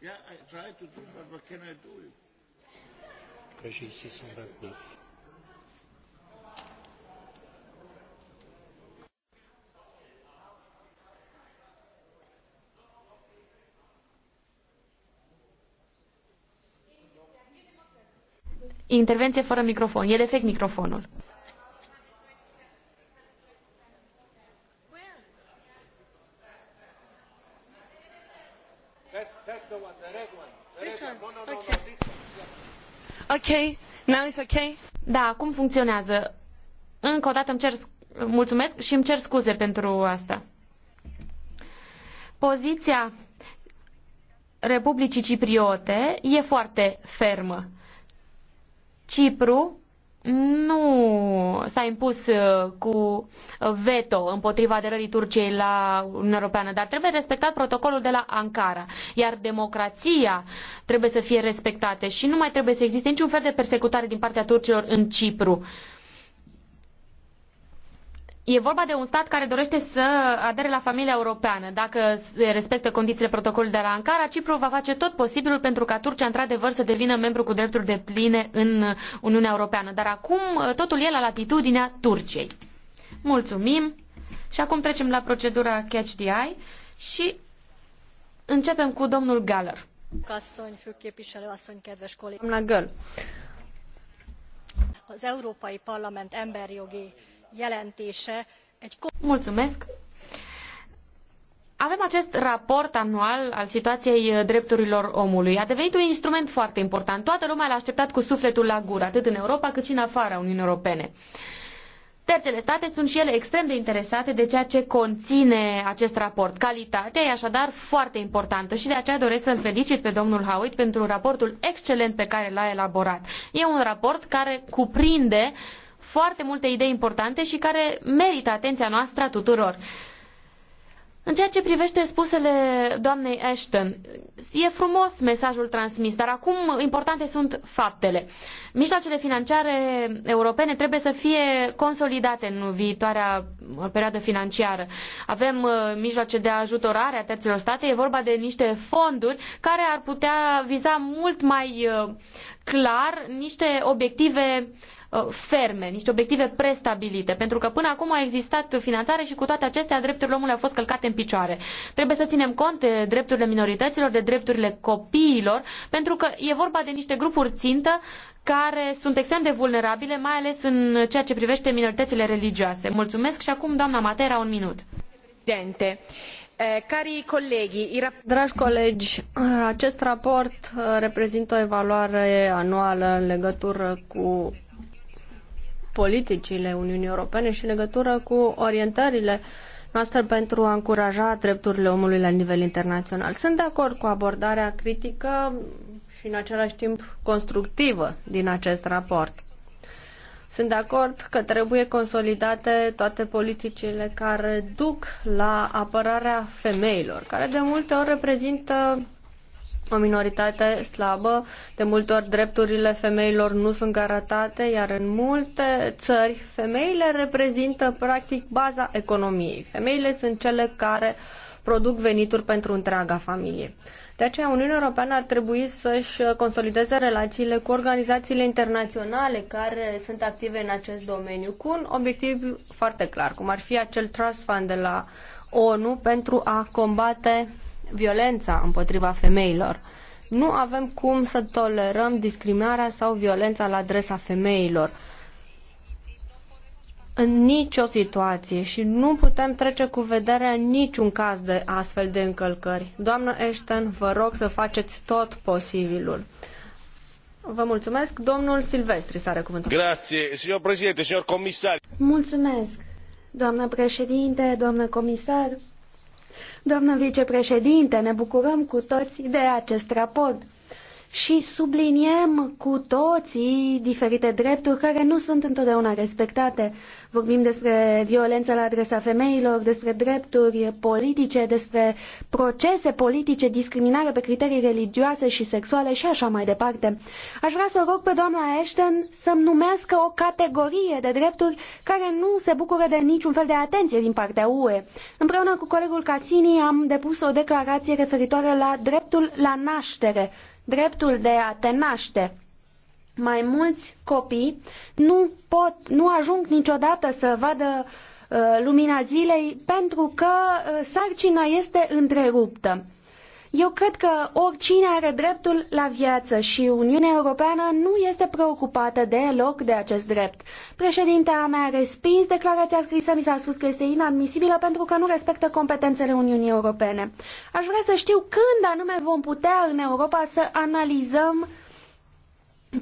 Yeah, I try to do, but what can I do? Because Page 629. Intervenție fără microfon. E defect microfonul. Ok, Now it's okay. Da, cum funcționează. Încă o dată îmi cer mulțumesc și îmi cer scuze pentru asta. Poziția Republicii Cipriote e foarte fermă. Cipru nu s-a impus uh, cu uh, veto împotriva aderării Turciei la Uniunea Europeană, dar trebuie respectat protocolul de la Ankara, iar democrația trebuie să fie respectată și nu mai trebuie să existe niciun fel de persecutare din partea turcilor în Cipru. Uh, E vorba de un stat care dorește să adere la familia europeană. Dacă respectă condițiile protocolului de la Ankara, Cipru va face tot posibilul pentru ca Turcia, într-adevăr, să devină membru cu drepturi de pline în Uniunea Europeană. Dar acum totul e la latitudinea Turciei. Mulțumim! Și acum trecem la procedura Catch the Eye și începem cu domnul Galler. Asszony, főképviselő asszony, kedves kollégák! Az Európai Parlament emberi jogi jelentése egy... Mulțumesc! Avem acest raport anual al situației uh, drepturilor omului. A devenit un instrument foarte important. Toată lumea l-a așteptat cu sufletul la gură, atât în Europa cât și în afara Uniunii Europene. Terțele state sunt și ele extrem de interesate de ceea ce conține acest raport. Calitatea e așadar foarte importantă și de aceea doresc să-l felicit pe domnul Howitt pentru raportul excelent pe care l-a elaborat. E un raport care cuprinde uh, foarte multe idei importante și care merită atenția noastră a tuturor. În ceea ce privește spusele doamnei Ashton, e frumos mesajul transmis, dar acum importante sunt faptele. Mijloacele financiare europene trebuie să fie consolidate în viitoarea perioadă financiară. Avem uh, mijloace de ajutorare a terților state, e vorba de niște fonduri care ar putea viza mult mai uh, clar niște obiective Uh, ferme, niște obiective prestabilite, pentru că până acum a existat finanțare și cu toate acestea drepturile omului au fost călcate în picioare. Trebuie să ținem cont de drepturile minorităților, de drepturile copiilor, pentru că e vorba de niște grupuri țintă care sunt extrem de vulnerabile, mai ales în ceea ce privește minoritățile religioase. Mulțumesc și acum doamna Matera un minut. Presidente, eh, Cari colegi, rap Dragi colegi, acest raport eh, reprezintă o evaluare anuală în legătură cu politicile Uniunii Europene și legătură cu orientările noastre pentru a încuraja drepturile omului la nivel internațional. Sunt de acord cu abordarea critică și în același timp constructivă din acest raport. Sunt de acord că trebuie consolidate toate politicile care duc la apărarea femeilor, care de multe ori reprezintă o minoritate slabă. De multe ori drepturile femeilor nu sunt garantate, iar în multe țări femeile reprezintă practic baza economiei. Femeile sunt cele care produc venituri pentru întreaga familie. De aceea, Uniunea Europeană ar trebui să-și consolideze relațiile cu organizațiile internaționale care sunt active în acest domeniu, cu un obiectiv foarte clar, cum ar fi acel Trust Fund de la ONU pentru a combate violența împotriva femeilor. Nu avem cum să tolerăm discriminarea sau violența la adresa femeilor în nicio situație și nu putem trece cu vederea niciun caz de astfel de încălcări. Doamnă Ashton, vă rog să faceți tot posibilul. Vă mulțumesc. Domnul Silvestri are cuvântul. Grație, signor președinte, signor comisar. Mulțumesc, doamnă președinte, doamnă comisar. Doamnă vicepreședinte, ne bucurăm cu toți de acest raport și subliniem cu toții diferite drepturi care nu sunt întotdeauna respectate. Vorbim despre violența la adresa femeilor, despre drepturi politice, despre procese politice, discriminare pe criterii religioase și sexuale și așa mai departe. Aș vrea să o rog pe doamna Ashton să-mi numească o categorie de drepturi care nu se bucură de niciun fel de atenție din partea UE. Împreună cu colegul Casini am depus o declarație referitoare la dreptul la naștere dreptul de a te naște. Mai mulți copii nu pot, nu ajung niciodată să vadă uh, lumina zilei pentru că uh, sarcina este întreruptă. Eu cred că oricine are dreptul la viață și Uniunea Europeană nu este preocupată deloc de acest drept. Președintea mea a respins declarația scrisă, mi s-a spus că este inadmisibilă pentru că nu respectă competențele Uniunii Europene. Aș vrea să știu când anume vom putea în Europa să analizăm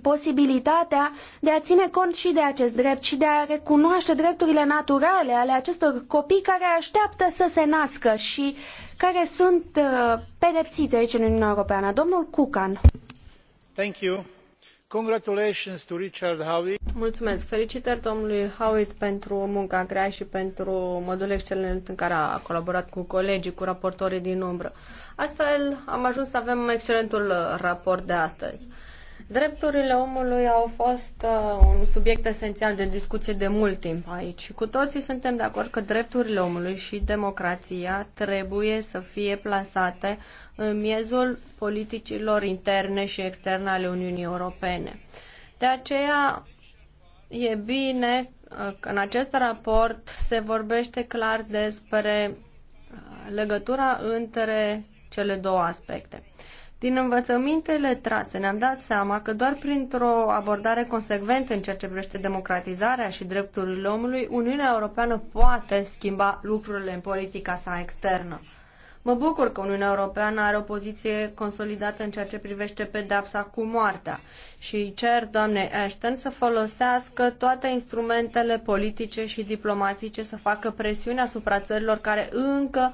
posibilitatea de a ține cont și de acest drept și de a recunoaște drepturile naturale ale acestor copii care așteaptă să se nască și uh, care sunt uh, pedepsite aici în Uniunea Europeană. Domnul Cucan. Thank you. Congratulations to Richard Howitt. Mulțumesc. Felicitări domnului Howitt pentru munca grea și pentru modul excelent în care a colaborat cu colegii, cu raportorii din umbră. Astfel am ajuns să avem excelentul raport de astăzi. Drepturile omului au fost uh, un subiect esențial de discuție de mult timp aici. Cu toții suntem de acord că drepturile omului și democrația trebuie să fie plasate în miezul politicilor interne și externe ale Uniunii Europene. De aceea e bine uh, că în acest raport se vorbește clar despre uh, legătura între cele două aspecte. Din învățămintele trase ne-am dat seama că doar printr-o abordare consecventă în ceea ce privește democratizarea și drepturile omului, Uniunea Europeană poate schimba lucrurile în politica sa externă. Mă bucur că Uniunea Europeană are o poziție consolidată în ceea ce privește pedapsa cu moartea și cer doamnei Ashton să folosească toate instrumentele politice și diplomatice să facă presiune asupra țărilor care încă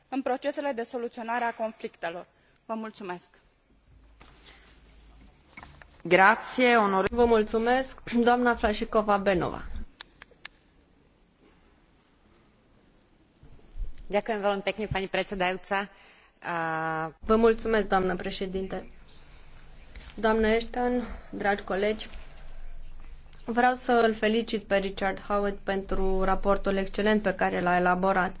în procesele de soluionare a conflictelor. Vă mulțumesc. Vă mulțumesc, Vă mulțumesc, președinte. Ashton, dragi colegi, vreau să îl felicit pe Richard Howitt pentru raportul excelent pe care l-a elaborat.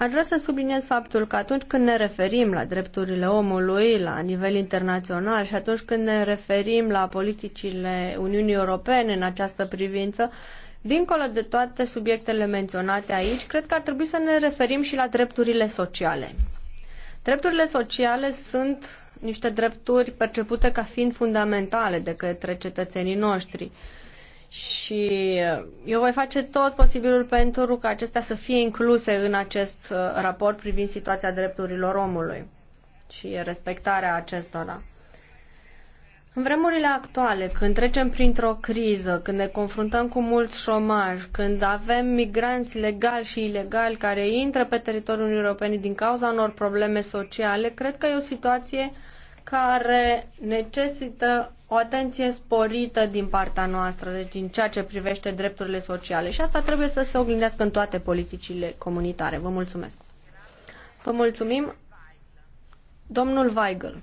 Ar vrea să subliniez faptul că atunci când ne referim la drepturile omului la nivel internațional și atunci când ne referim la politicile Uniunii Europene în această privință, dincolo de toate subiectele menționate aici, cred că ar trebui să ne referim și la drepturile sociale. Drepturile sociale sunt niște drepturi percepute ca fiind fundamentale de către cetățenii noștri. Uh, și uh, eu voi face tot posibilul pentru ca acestea să fie incluse în acest uh, raport privind situația drepturilor omului și respectarea acestora. În vremurile actuale, când trecem printr-o criză, când ne confruntăm cu mult șomaj, când avem migranți legali și ilegali care intră pe teritoriul Uniunii Europene din cauza unor probleme sociale, cred că e o situație care necesită o atenție sporită din partea noastră, deci în ceea ce privește drepturile sociale. Și asta trebuie să se oglindească în toate politicile comunitare. Vă mulțumesc. Vă mulțumim. Domnul Weigel.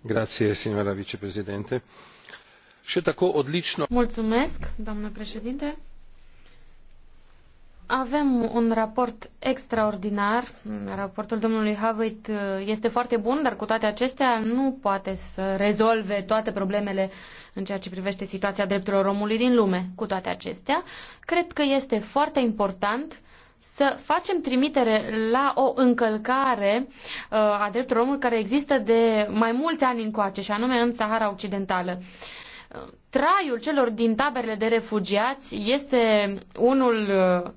Grație, signora vicepreședinte. Și tako odlično. Mulțumesc, doamnă președinte. Avem un raport extraordinar. Raportul domnului Havit uh, este foarte bun, dar cu toate acestea nu poate să rezolve toate problemele în ceea ce privește situația drepturilor omului din lume. Cu toate acestea, cred că este foarte important să facem trimitere la o încălcare uh, a drepturilor omului care există de mai mulți ani încoace, și anume în Sahara Occidentală traiul celor din taberele de refugiați este unul uh,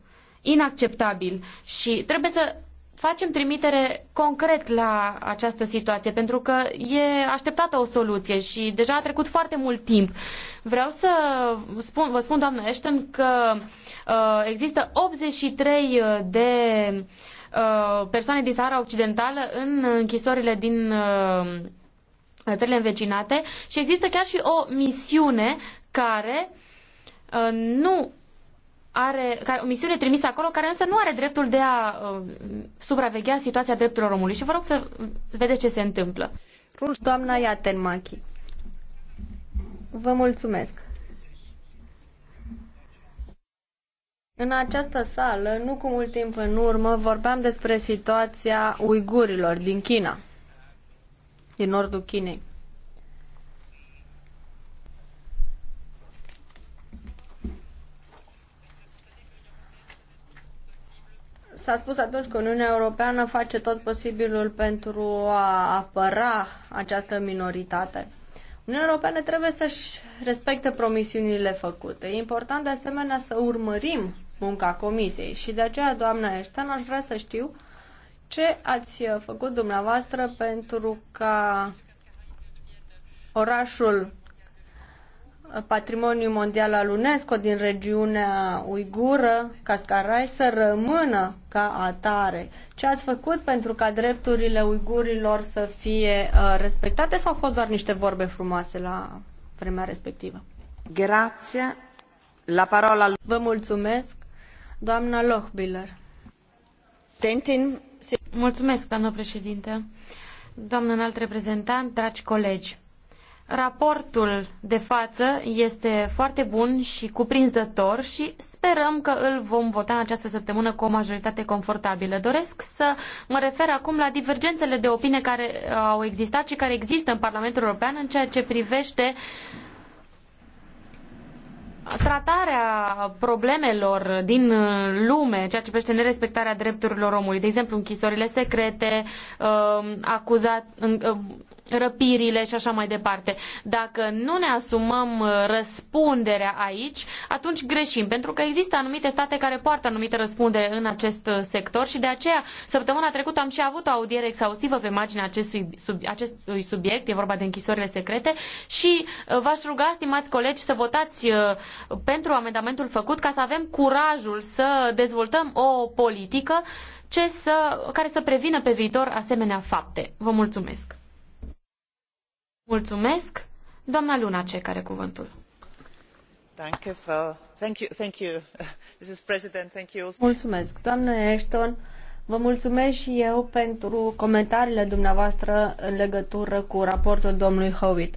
inacceptabil și trebuie să facem trimitere concret la această situație, pentru că e așteptată o soluție și deja a trecut foarte mult timp. Vreau să spun, vă spun, doamnă Ashton, că uh, există 83 uh, de uh, persoane din Sahara Occidentală în închisorile din uh, țările învecinate și există chiar și o misiune care uh, nu are, care, o misiune trimisă acolo, care însă nu are dreptul de a uh, supraveghea situația drepturilor omului. Și vă rog să vedeți ce se întâmplă. Ruș, doamna Vă mulțumesc. În această sală, nu cu mult timp în urmă, vorbeam despre situația uigurilor din China, din nordul Chinei. S-a spus atunci că Uniunea Europeană face tot posibilul pentru a apăra această minoritate. Uniunea Europeană trebuie să-și respecte promisiunile făcute. E important de asemenea să urmărim munca Comisiei și de aceea, doamna Eștean, aș vrea să știu ce ați făcut dumneavoastră pentru ca orașul Patrimoniul mondial al UNESCO din regiunea uigură, Cascarai, să rămână ca atare. Ce ați făcut pentru ca drepturile uigurilor să fie uh, respectate sau au fost doar niște vorbe frumoase la vremea respectivă? Grație. La parola... Vă mulțumesc, doamna Lochbiller. Tentin... Mulțumesc, doamnă președinte. Doamnă înalt reprezentant, dragi colegi, Raportul de față este foarte bun și cuprinzător și sperăm că îl vom vota în această săptămână cu o majoritate confortabilă. Doresc să mă refer acum la divergențele de opinie care uh, au existat și care există în Parlamentul European în ceea ce privește tratarea problemelor din uh, lume, ceea ce privește nerespectarea drepturilor omului, de exemplu închisorile secrete, uh, acuzat, răpirile și așa mai departe. Dacă nu ne asumăm uh, răspunderea aici, atunci greșim, pentru că există anumite state care poartă anumite răspundere în acest uh, sector și de aceea săptămâna trecută am și avut o audiere exhaustivă pe marginea acestui, sub, acestui subiect, e vorba de închisorile secrete și uh, v-aș ruga, stimați colegi, să votați pentru amendamentul făcut ca să avem curajul să dezvoltăm o politică ce să, care să prevină pe viitor asemenea fapte. Vă mulțumesc! Mulțumesc. Doamna Luna, ce care cuvântul? Mulțumesc. Doamnă Ashton, vă mulțumesc și eu pentru comentariile dumneavoastră în legătură cu raportul domnului Howitt.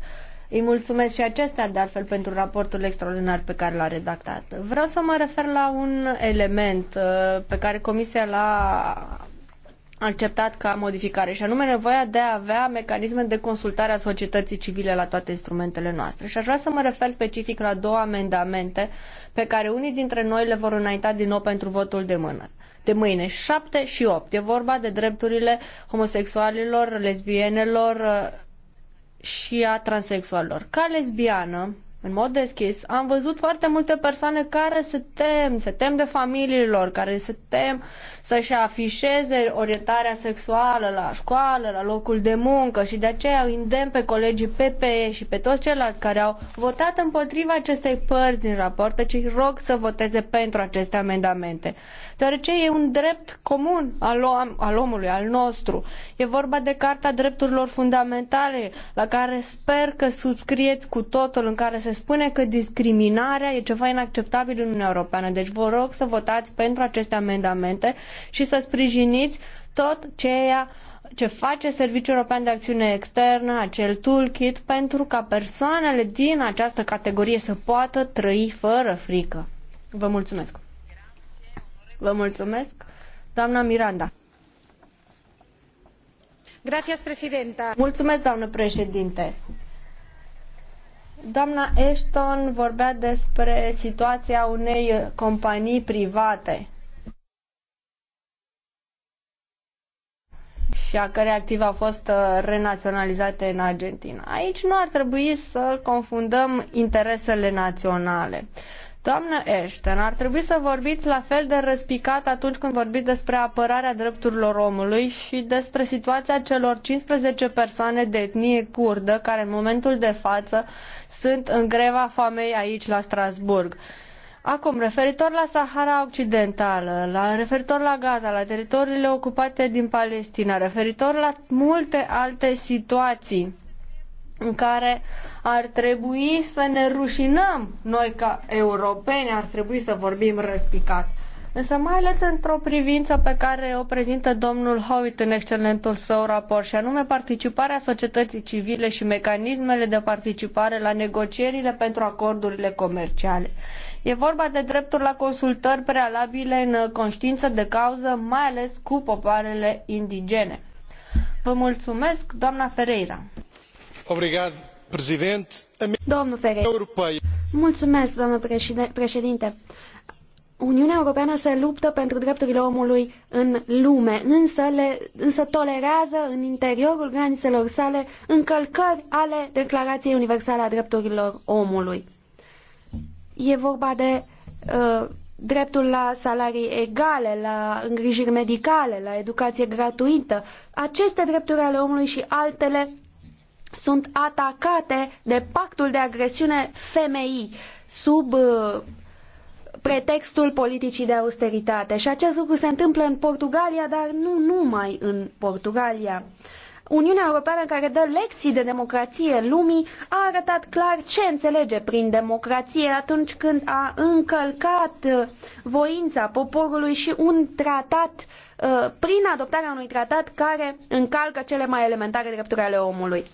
Îi mulțumesc și acestea, de altfel, pentru raportul extraordinar pe care l-a redactat. Vreau să mă refer la un element uh, pe care Comisia l-a acceptat ca modificare și anume nevoia de a avea mecanisme de consultare a societății civile la toate instrumentele noastre. Și aș vrea să mă refer specific la două amendamente pe care unii dintre noi le vor înainta din nou pentru votul de mână. De mâine, 7 și 8. E vorba de drepturile homosexualilor, lesbienelor uh, și a transexualilor. Ca lesbiană, în mod deschis, am văzut foarte multe persoane care se tem, se tem de familiilor, care se tem să-și afișeze orientarea sexuală la școală, la locul de muncă și de aceea îndemn pe colegii PPE și pe toți ceilalți care au votat împotriva acestei părți din raport, deci îi rog să voteze pentru aceste amendamente. Deoarece e un drept comun al, om, al omului, al nostru. E vorba de Carta Drepturilor Fundamentale, la care sper că subscrieți cu totul în care se se spune că discriminarea e ceva inacceptabil în Uniunea Europeană. Deci vă rog să votați pentru aceste amendamente și să sprijiniți tot ceea ce face Serviciul European de Acțiune Externă, acel toolkit, pentru ca persoanele din această categorie să poată trăi fără frică. Vă mulțumesc! Vă mulțumesc, doamna Miranda. Gracias, Mulțumesc, doamnă președinte. Doamna Ashton vorbea despre situația unei companii private și a cărei activ a fost uh, renaționalizate în Argentina. Aici nu ar trebui să confundăm interesele naționale. Doamnă Ashton, ar trebui să vorbiți la fel de răspicat atunci când vorbiți despre apărarea drepturilor omului și despre situația celor 15 persoane de etnie curdă care în momentul de față sunt în greva foamei aici la Strasburg. Acum, referitor la Sahara Occidentală, la, referitor la Gaza, la teritoriile ocupate din Palestina, referitor la multe alte situații în care ar trebui să ne rușinăm noi ca europeni, ar trebui să vorbim răspicat. Însă mai ales într-o privință pe care o prezintă domnul Howitt în excelentul său raport, și anume participarea societății civile și mecanismele de participare la negocierile pentru acordurile comerciale. E vorba de dreptul la consultări prealabile în conștiință de cauză, mai ales cu popoarele indigene. Vă mulțumesc, doamna Ferreira. Mulțumesc, președinte. Uniunea Europeană se luptă pentru drepturile omului în lume, însă, tolerează în interiorul granițelor sale încălcări ale Declarației Universale a Drepturilor Omului. E vorba de uh, dreptul la salarii egale, la îngrijiri medicale, la educație gratuită. Aceste drepturi ale omului și altele sunt atacate de pactul de agresiune femeii sub uh, pretextul politicii de austeritate. Și acest lucru se întâmplă în Portugalia, dar nu numai în Portugalia. Uniunea Europeană, care dă lecții de democrație lumii, a arătat clar ce înțelege prin democrație atunci când a încălcat uh, voința poporului și un tratat, uh, prin adoptarea unui tratat care încalcă cele mai elementare drepturi ale omului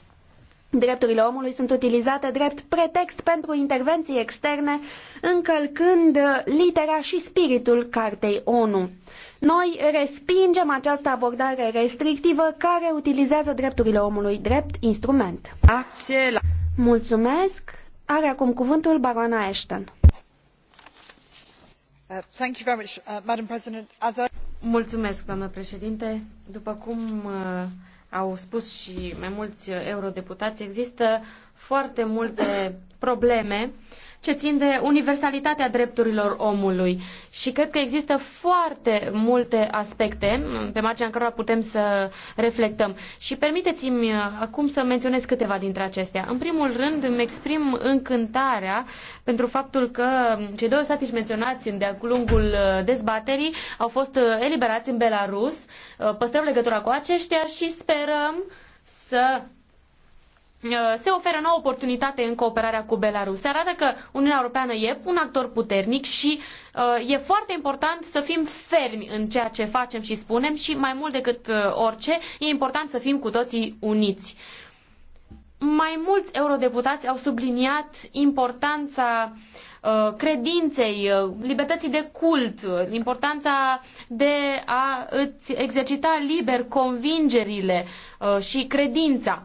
drepturile omului sunt utilizate drept pretext pentru intervenții externe, încălcând litera și spiritul Cartei ONU. Noi respingem această abordare restrictivă care utilizează drepturile omului drept instrument. Mulțumesc. Are acum cuvântul baroana Ashton. Uh, uh, Mulțumesc, doamnă președinte. După cum uh, au spus și mai mulți eurodeputați, există foarte multe probleme ce țin de universalitatea drepturilor omului și cred că există foarte multe aspecte pe marginea cărora putem să reflectăm. Și permiteți-mi uh, acum să menționez câteva dintre acestea. În primul rând îmi exprim încântarea pentru faptul că cei doi statici menționați de-a lungul uh, dezbaterii au fost uh, eliberați în Belarus. Păstrăm legătura cu aceștia și sperăm să Uh, se oferă nouă oportunitate în cooperarea cu Belarus. Se arată că Uniunea Europeană e un actor puternic și uh, e foarte important să fim fermi în ceea ce facem și spunem și mai mult decât uh, orice, e important să fim cu toții uniți. Mai mulți eurodeputați au subliniat importanța credinței, libertății de cult, importanța de a îți exercita liber convingerile și credința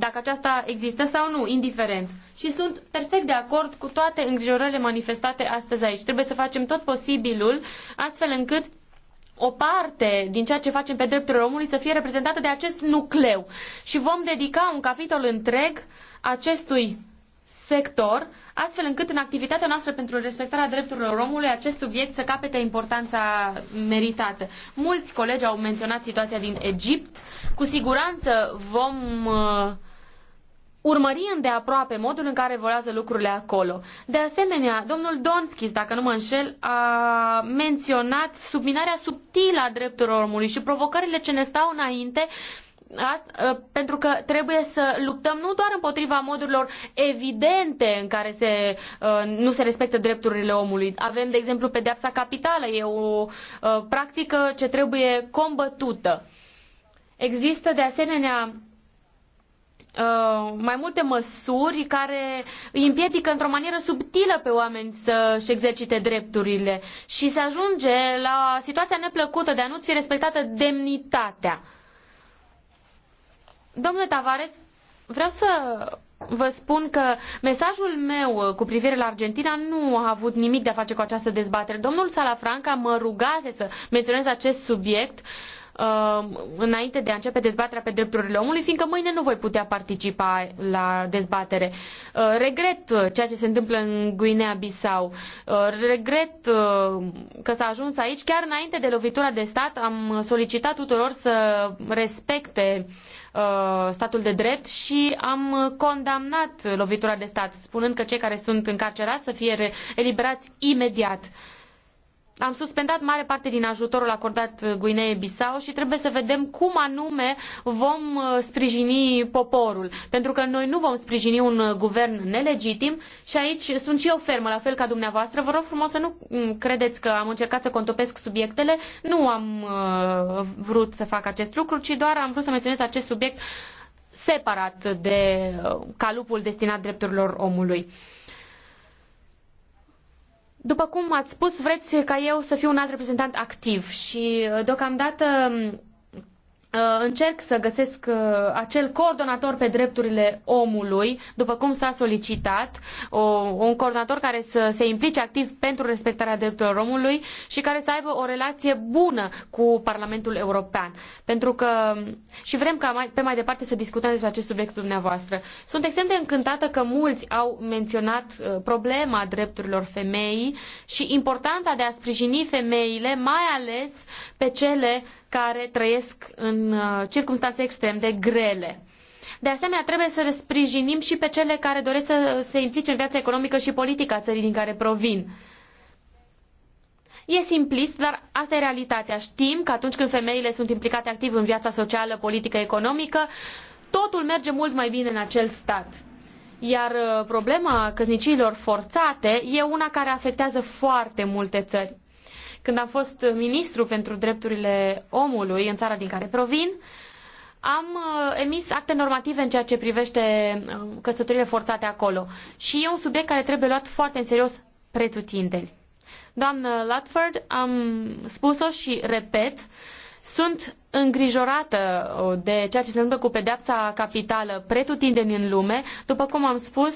dacă aceasta există sau nu, indiferent. Și sunt perfect de acord cu toate îngrijorările manifestate astăzi aici. Trebuie să facem tot posibilul astfel încât o parte din ceea ce facem pe drepturile omului să fie reprezentată de acest nucleu. Și vom dedica un capitol întreg acestui sector, astfel încât în activitatea noastră pentru respectarea drepturilor omului acest subiect să capete importanța meritată. Mulți colegi au menționat situația din Egipt. Cu siguranță vom uh, urmări îndeaproape modul în care evoluează lucrurile acolo. De asemenea, domnul Donskis, dacă nu mă înșel, a menționat subminarea subtilă a drepturilor omului și provocările ce ne stau înainte pentru că trebuie să luptăm nu doar împotriva modurilor evidente în care se, nu se respectă drepturile omului. Avem, de exemplu, pedeapsa capitală, e o practică ce trebuie combătută. Există, de asemenea, Uh, mai multe măsuri care îi împiedică într-o manieră subtilă pe oameni să-și exercite drepturile și se ajunge la situația neplăcută de a nu-ți fi respectată demnitatea. Domnule Tavares, vreau să vă spun că mesajul meu cu privire la Argentina nu a avut nimic de a face cu această dezbatere. Domnul Salafranca mă rugase să menționez acest subiect uh, Uh, înainte de a începe dezbaterea pe drepturile omului, fiindcă mâine nu voi putea participa la dezbatere. Uh, regret uh, ceea ce se întâmplă în Guinea-Bissau. Regret că s-a ajuns aici. Chiar înainte de lovitura de stat am solicitat tuturor să respecte statul de drept și am condamnat lovitura de stat, spunând că cei care sunt încarcerați să fie eliberați imediat am suspendat mare parte din ajutorul acordat Guinee Bissau și trebuie să vedem cum anume vom uh, sprijini poporul. Pentru că noi nu vom sprijini un uh, guvern nelegitim și aici sunt și eu fermă, la fel ca dumneavoastră. Vă rog frumos să nu mm, credeți că am încercat să contopesc subiectele. Nu am uh, vrut să fac acest lucru, ci doar am vrut să menționez acest subiect separat de calupul destinat drepturilor omului. După cum ați spus, vreți ca eu să fiu un alt reprezentant activ și deocamdată Uh, încerc să găsesc uh, acel coordonator pe drepturile omului, după cum s-a solicitat, o, un coordonator care să se implice activ pentru respectarea drepturilor omului și care să aibă o relație bună cu Parlamentul European. Pentru că și vrem ca mai, pe mai departe să discutăm despre acest subiect dumneavoastră. Sunt extrem de încântată că mulți au menționat uh, problema drepturilor femeii și importanța de a sprijini femeile, mai ales pe cele care trăiesc în uh, circunstanțe extrem de grele. De asemenea, trebuie să sprijinim și pe cele care doresc să se implice în viața economică și politică a țării din care provin. E simplist, dar asta e realitatea. Știm că atunci când femeile sunt implicate activ în viața socială, politică, economică, totul merge mult mai bine în acel stat. Iar uh, problema căsnicilor forțate e una care afectează foarte multe țări. Când am fost ministru pentru drepturile omului în țara din care provin, am uh, emis acte normative în ceea ce privește um, căsătorile forțate acolo. Și e un subiect care trebuie luat foarte în serios pretutindeni. Doamnă Lutford, am spus-o și repet, sunt îngrijorată uh, de ceea ce se întâmplă cu pedeapsa capitală pretutindeni în lume. După cum am spus,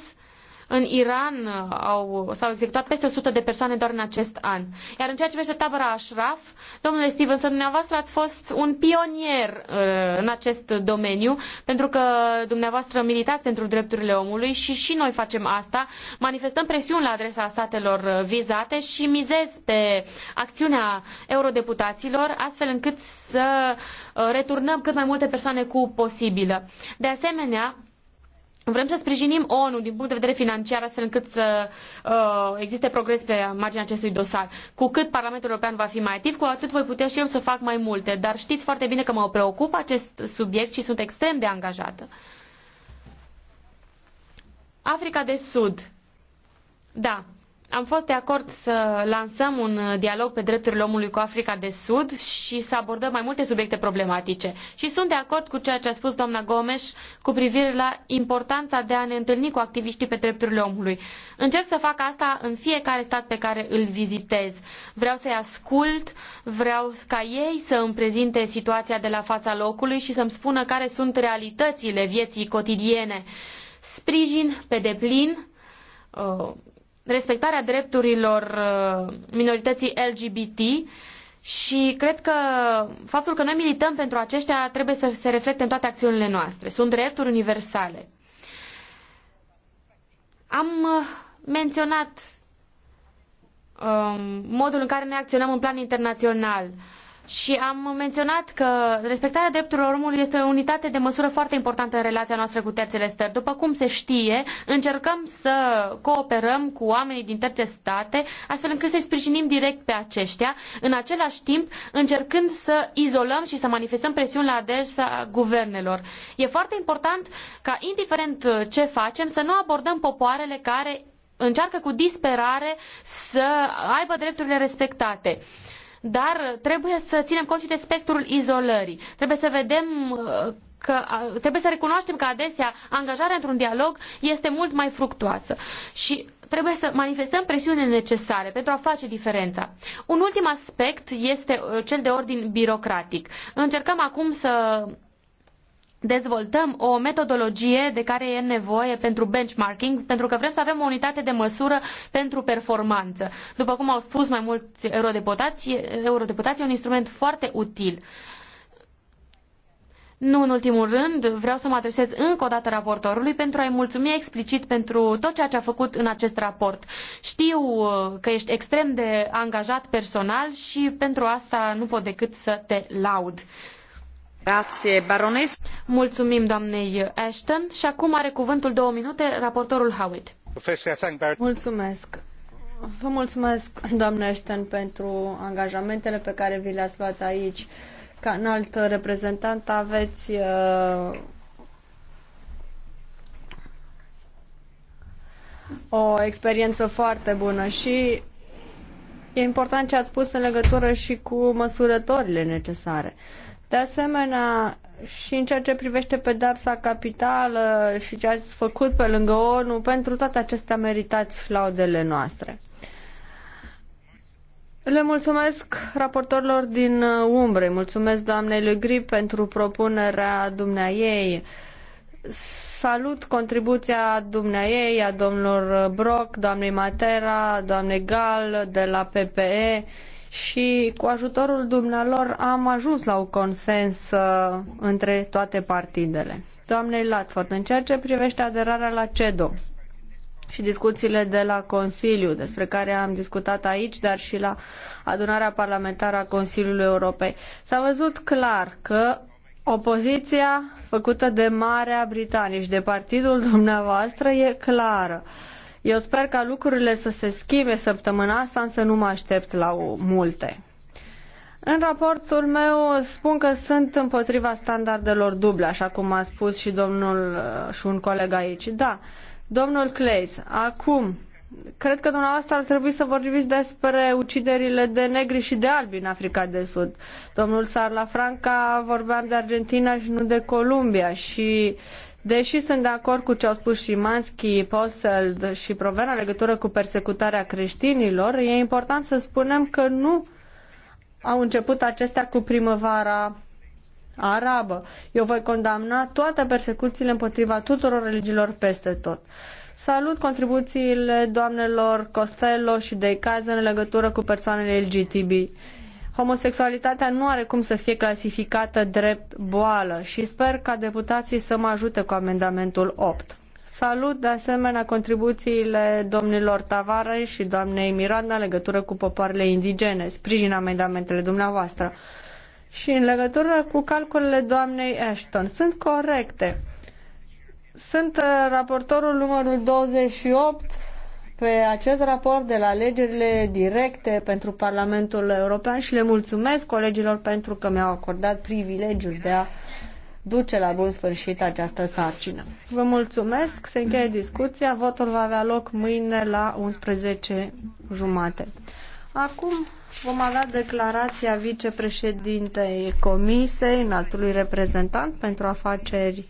în Iran uh, au, s-au executat peste 100 de persoane doar în acest an. Iar în ceea ce privește tabăra Ashraf, domnule Stevenson, dumneavoastră ați fost un pionier uh, în acest domeniu, pentru că dumneavoastră militați pentru drepturile omului și și noi facem asta. Manifestăm presiuni la adresa statelor uh, vizate și mizez pe acțiunea eurodeputaților, astfel încât să returnăm cât mai multe persoane cu posibilă. De asemenea, Vrem să sprijinim ONU din punct de vedere financiar, astfel încât să uh, existe progres pe marginea acestui dosar. Cu cât Parlamentul European va fi mai activ, cu atât voi putea și eu să fac mai multe. Dar știți foarte bine că mă preocup acest subiect și sunt extrem de angajată. Africa de Sud. Da, am fost de acord să lansăm un uh, dialog pe drepturile omului cu Africa de Sud și să abordăm mai multe subiecte problematice. Și sunt de acord cu ceea ce a spus doamna Gomes cu privire la importanța de a ne întâlni cu activiștii pe drepturile omului. Încerc să fac asta în fiecare stat pe care îl vizitez. Vreau să-i ascult, vreau ca ei să îmi prezinte situația de la fața locului și să-mi spună care sunt realitățile vieții cotidiene. Sprijin pe deplin uh, respectarea drepturilor uh, minorității LGBT și cred că faptul că noi milităm pentru aceștia trebuie să se reflecte în toate acțiunile noastre. Sunt drepturi universale. Am uh, menționat um, modul în care ne acționăm în plan internațional. Uh, și am menționat că respectarea drepturilor omului este o unitate de măsură foarte importantă în relația noastră cu terțele stări. După cum se știe, încercăm să cooperăm cu oamenii din terțe state, astfel încât să-i sprijinim direct pe aceștia, în același timp încercând să izolăm și să manifestăm presiuni la adresa guvernelor. E foarte important ca, indiferent uh, ce facem, să nu abordăm popoarele care încearcă cu disperare să aibă drepturile respectate dar trebuie să ținem cont și de spectrul izolării. Trebuie să vedem uh, că trebuie să recunoaștem că adesea angajarea într-un dialog este mult mai fructuoasă și trebuie să manifestăm presiunile necesare pentru a face diferența. Un ultim aspect este uh, cel de ordin birocratic. Încercăm acum să dezvoltăm o metodologie de care e nevoie pentru benchmarking, pentru că vrem să avem o unitate de măsură pentru performanță. După cum au spus mai mulți eurodeputați, eurodeputați e un instrument foarte util. Nu în ultimul rând, vreau să mă adresez încă o dată raportorului pentru a-i mulțumi explicit pentru tot ceea ce a făcut în acest raport. Știu uh, că ești extrem de angajat personal și pentru asta nu pot decât să te laud. Grazie, barones. Mulțumim doamnei Ashton și acum are cuvântul două minute raportorul Howitt. Mulțumesc. Vă mulțumesc, doamnă Ashton, pentru angajamentele pe care vi le-ați luat aici. Ca înalt reprezentant aveți uh, o experiență foarte bună și e important ce ați spus în legătură și cu măsurătorile necesare. Uh, de asemenea, și în ceea ce privește pedapsa capitală și ce ați făcut pe lângă ONU, pentru toate acestea meritați laudele noastre. Le mulțumesc raportorilor din umbre, mulțumesc doamnei Le Grip pentru propunerea ei. Salut contribuția ei, a domnilor Brock, doamnei Matera, doamnei Gal de la PPE și cu ajutorul dumnealor am ajuns la un consens uh, între toate partidele. Doamnei Latford, în ceea ce privește aderarea la CEDO și discuțiile de la Consiliu, despre care am discutat aici, dar și la adunarea parlamentară a Consiliului Europei, s-a văzut clar că opoziția făcută de Marea Britanie și de partidul dumneavoastră e clară. Uh, eu sper ca lucrurile să se schimbe săptămâna asta, însă nu mă aștept la multe. În raportul meu spun că sunt împotriva standardelor duble, așa cum a spus și domnul uh, și un coleg aici. Da, domnul Clays, acum cred că dumneavoastră ar trebui să vorbiți despre uciderile de negri și de albi în Africa de Sud. Domnul Sarla Franca vorbeam de Argentina și nu de Columbia și uh, Deși sunt de acord cu ce au spus și Mansky, și Provera în legătură cu persecutarea creștinilor, e important să spunem că nu au început acestea cu primăvara arabă. Eu voi condamna toate persecuțiile împotriva tuturor religiilor peste tot. Salut contribuțiile doamnelor Costello și Deicaz în legătură cu persoanele LGTB. Homosexualitatea nu are cum să fie clasificată drept boală și sper ca deputații să mă ajute cu amendamentul 8. Salut de asemenea contribuțiile domnilor Tavare și doamnei Miranda în legătură cu popoarele indigene. Sprijin amendamentele dumneavoastră. Și în legătură cu calculele doamnei Ashton, sunt corecte. Sunt uh, raportorul numărul 28 pe acest raport de la alegerile directe pentru Parlamentul European și le mulțumesc colegilor pentru că mi-au acordat privilegiul de a duce la bun sfârșit această sarcină. Vă mulțumesc, se încheie discuția, votul va avea loc mâine la 11 jumate. Acum vom avea declarația vicepreședintei Comisiei, înaltului reprezentant pentru afaceri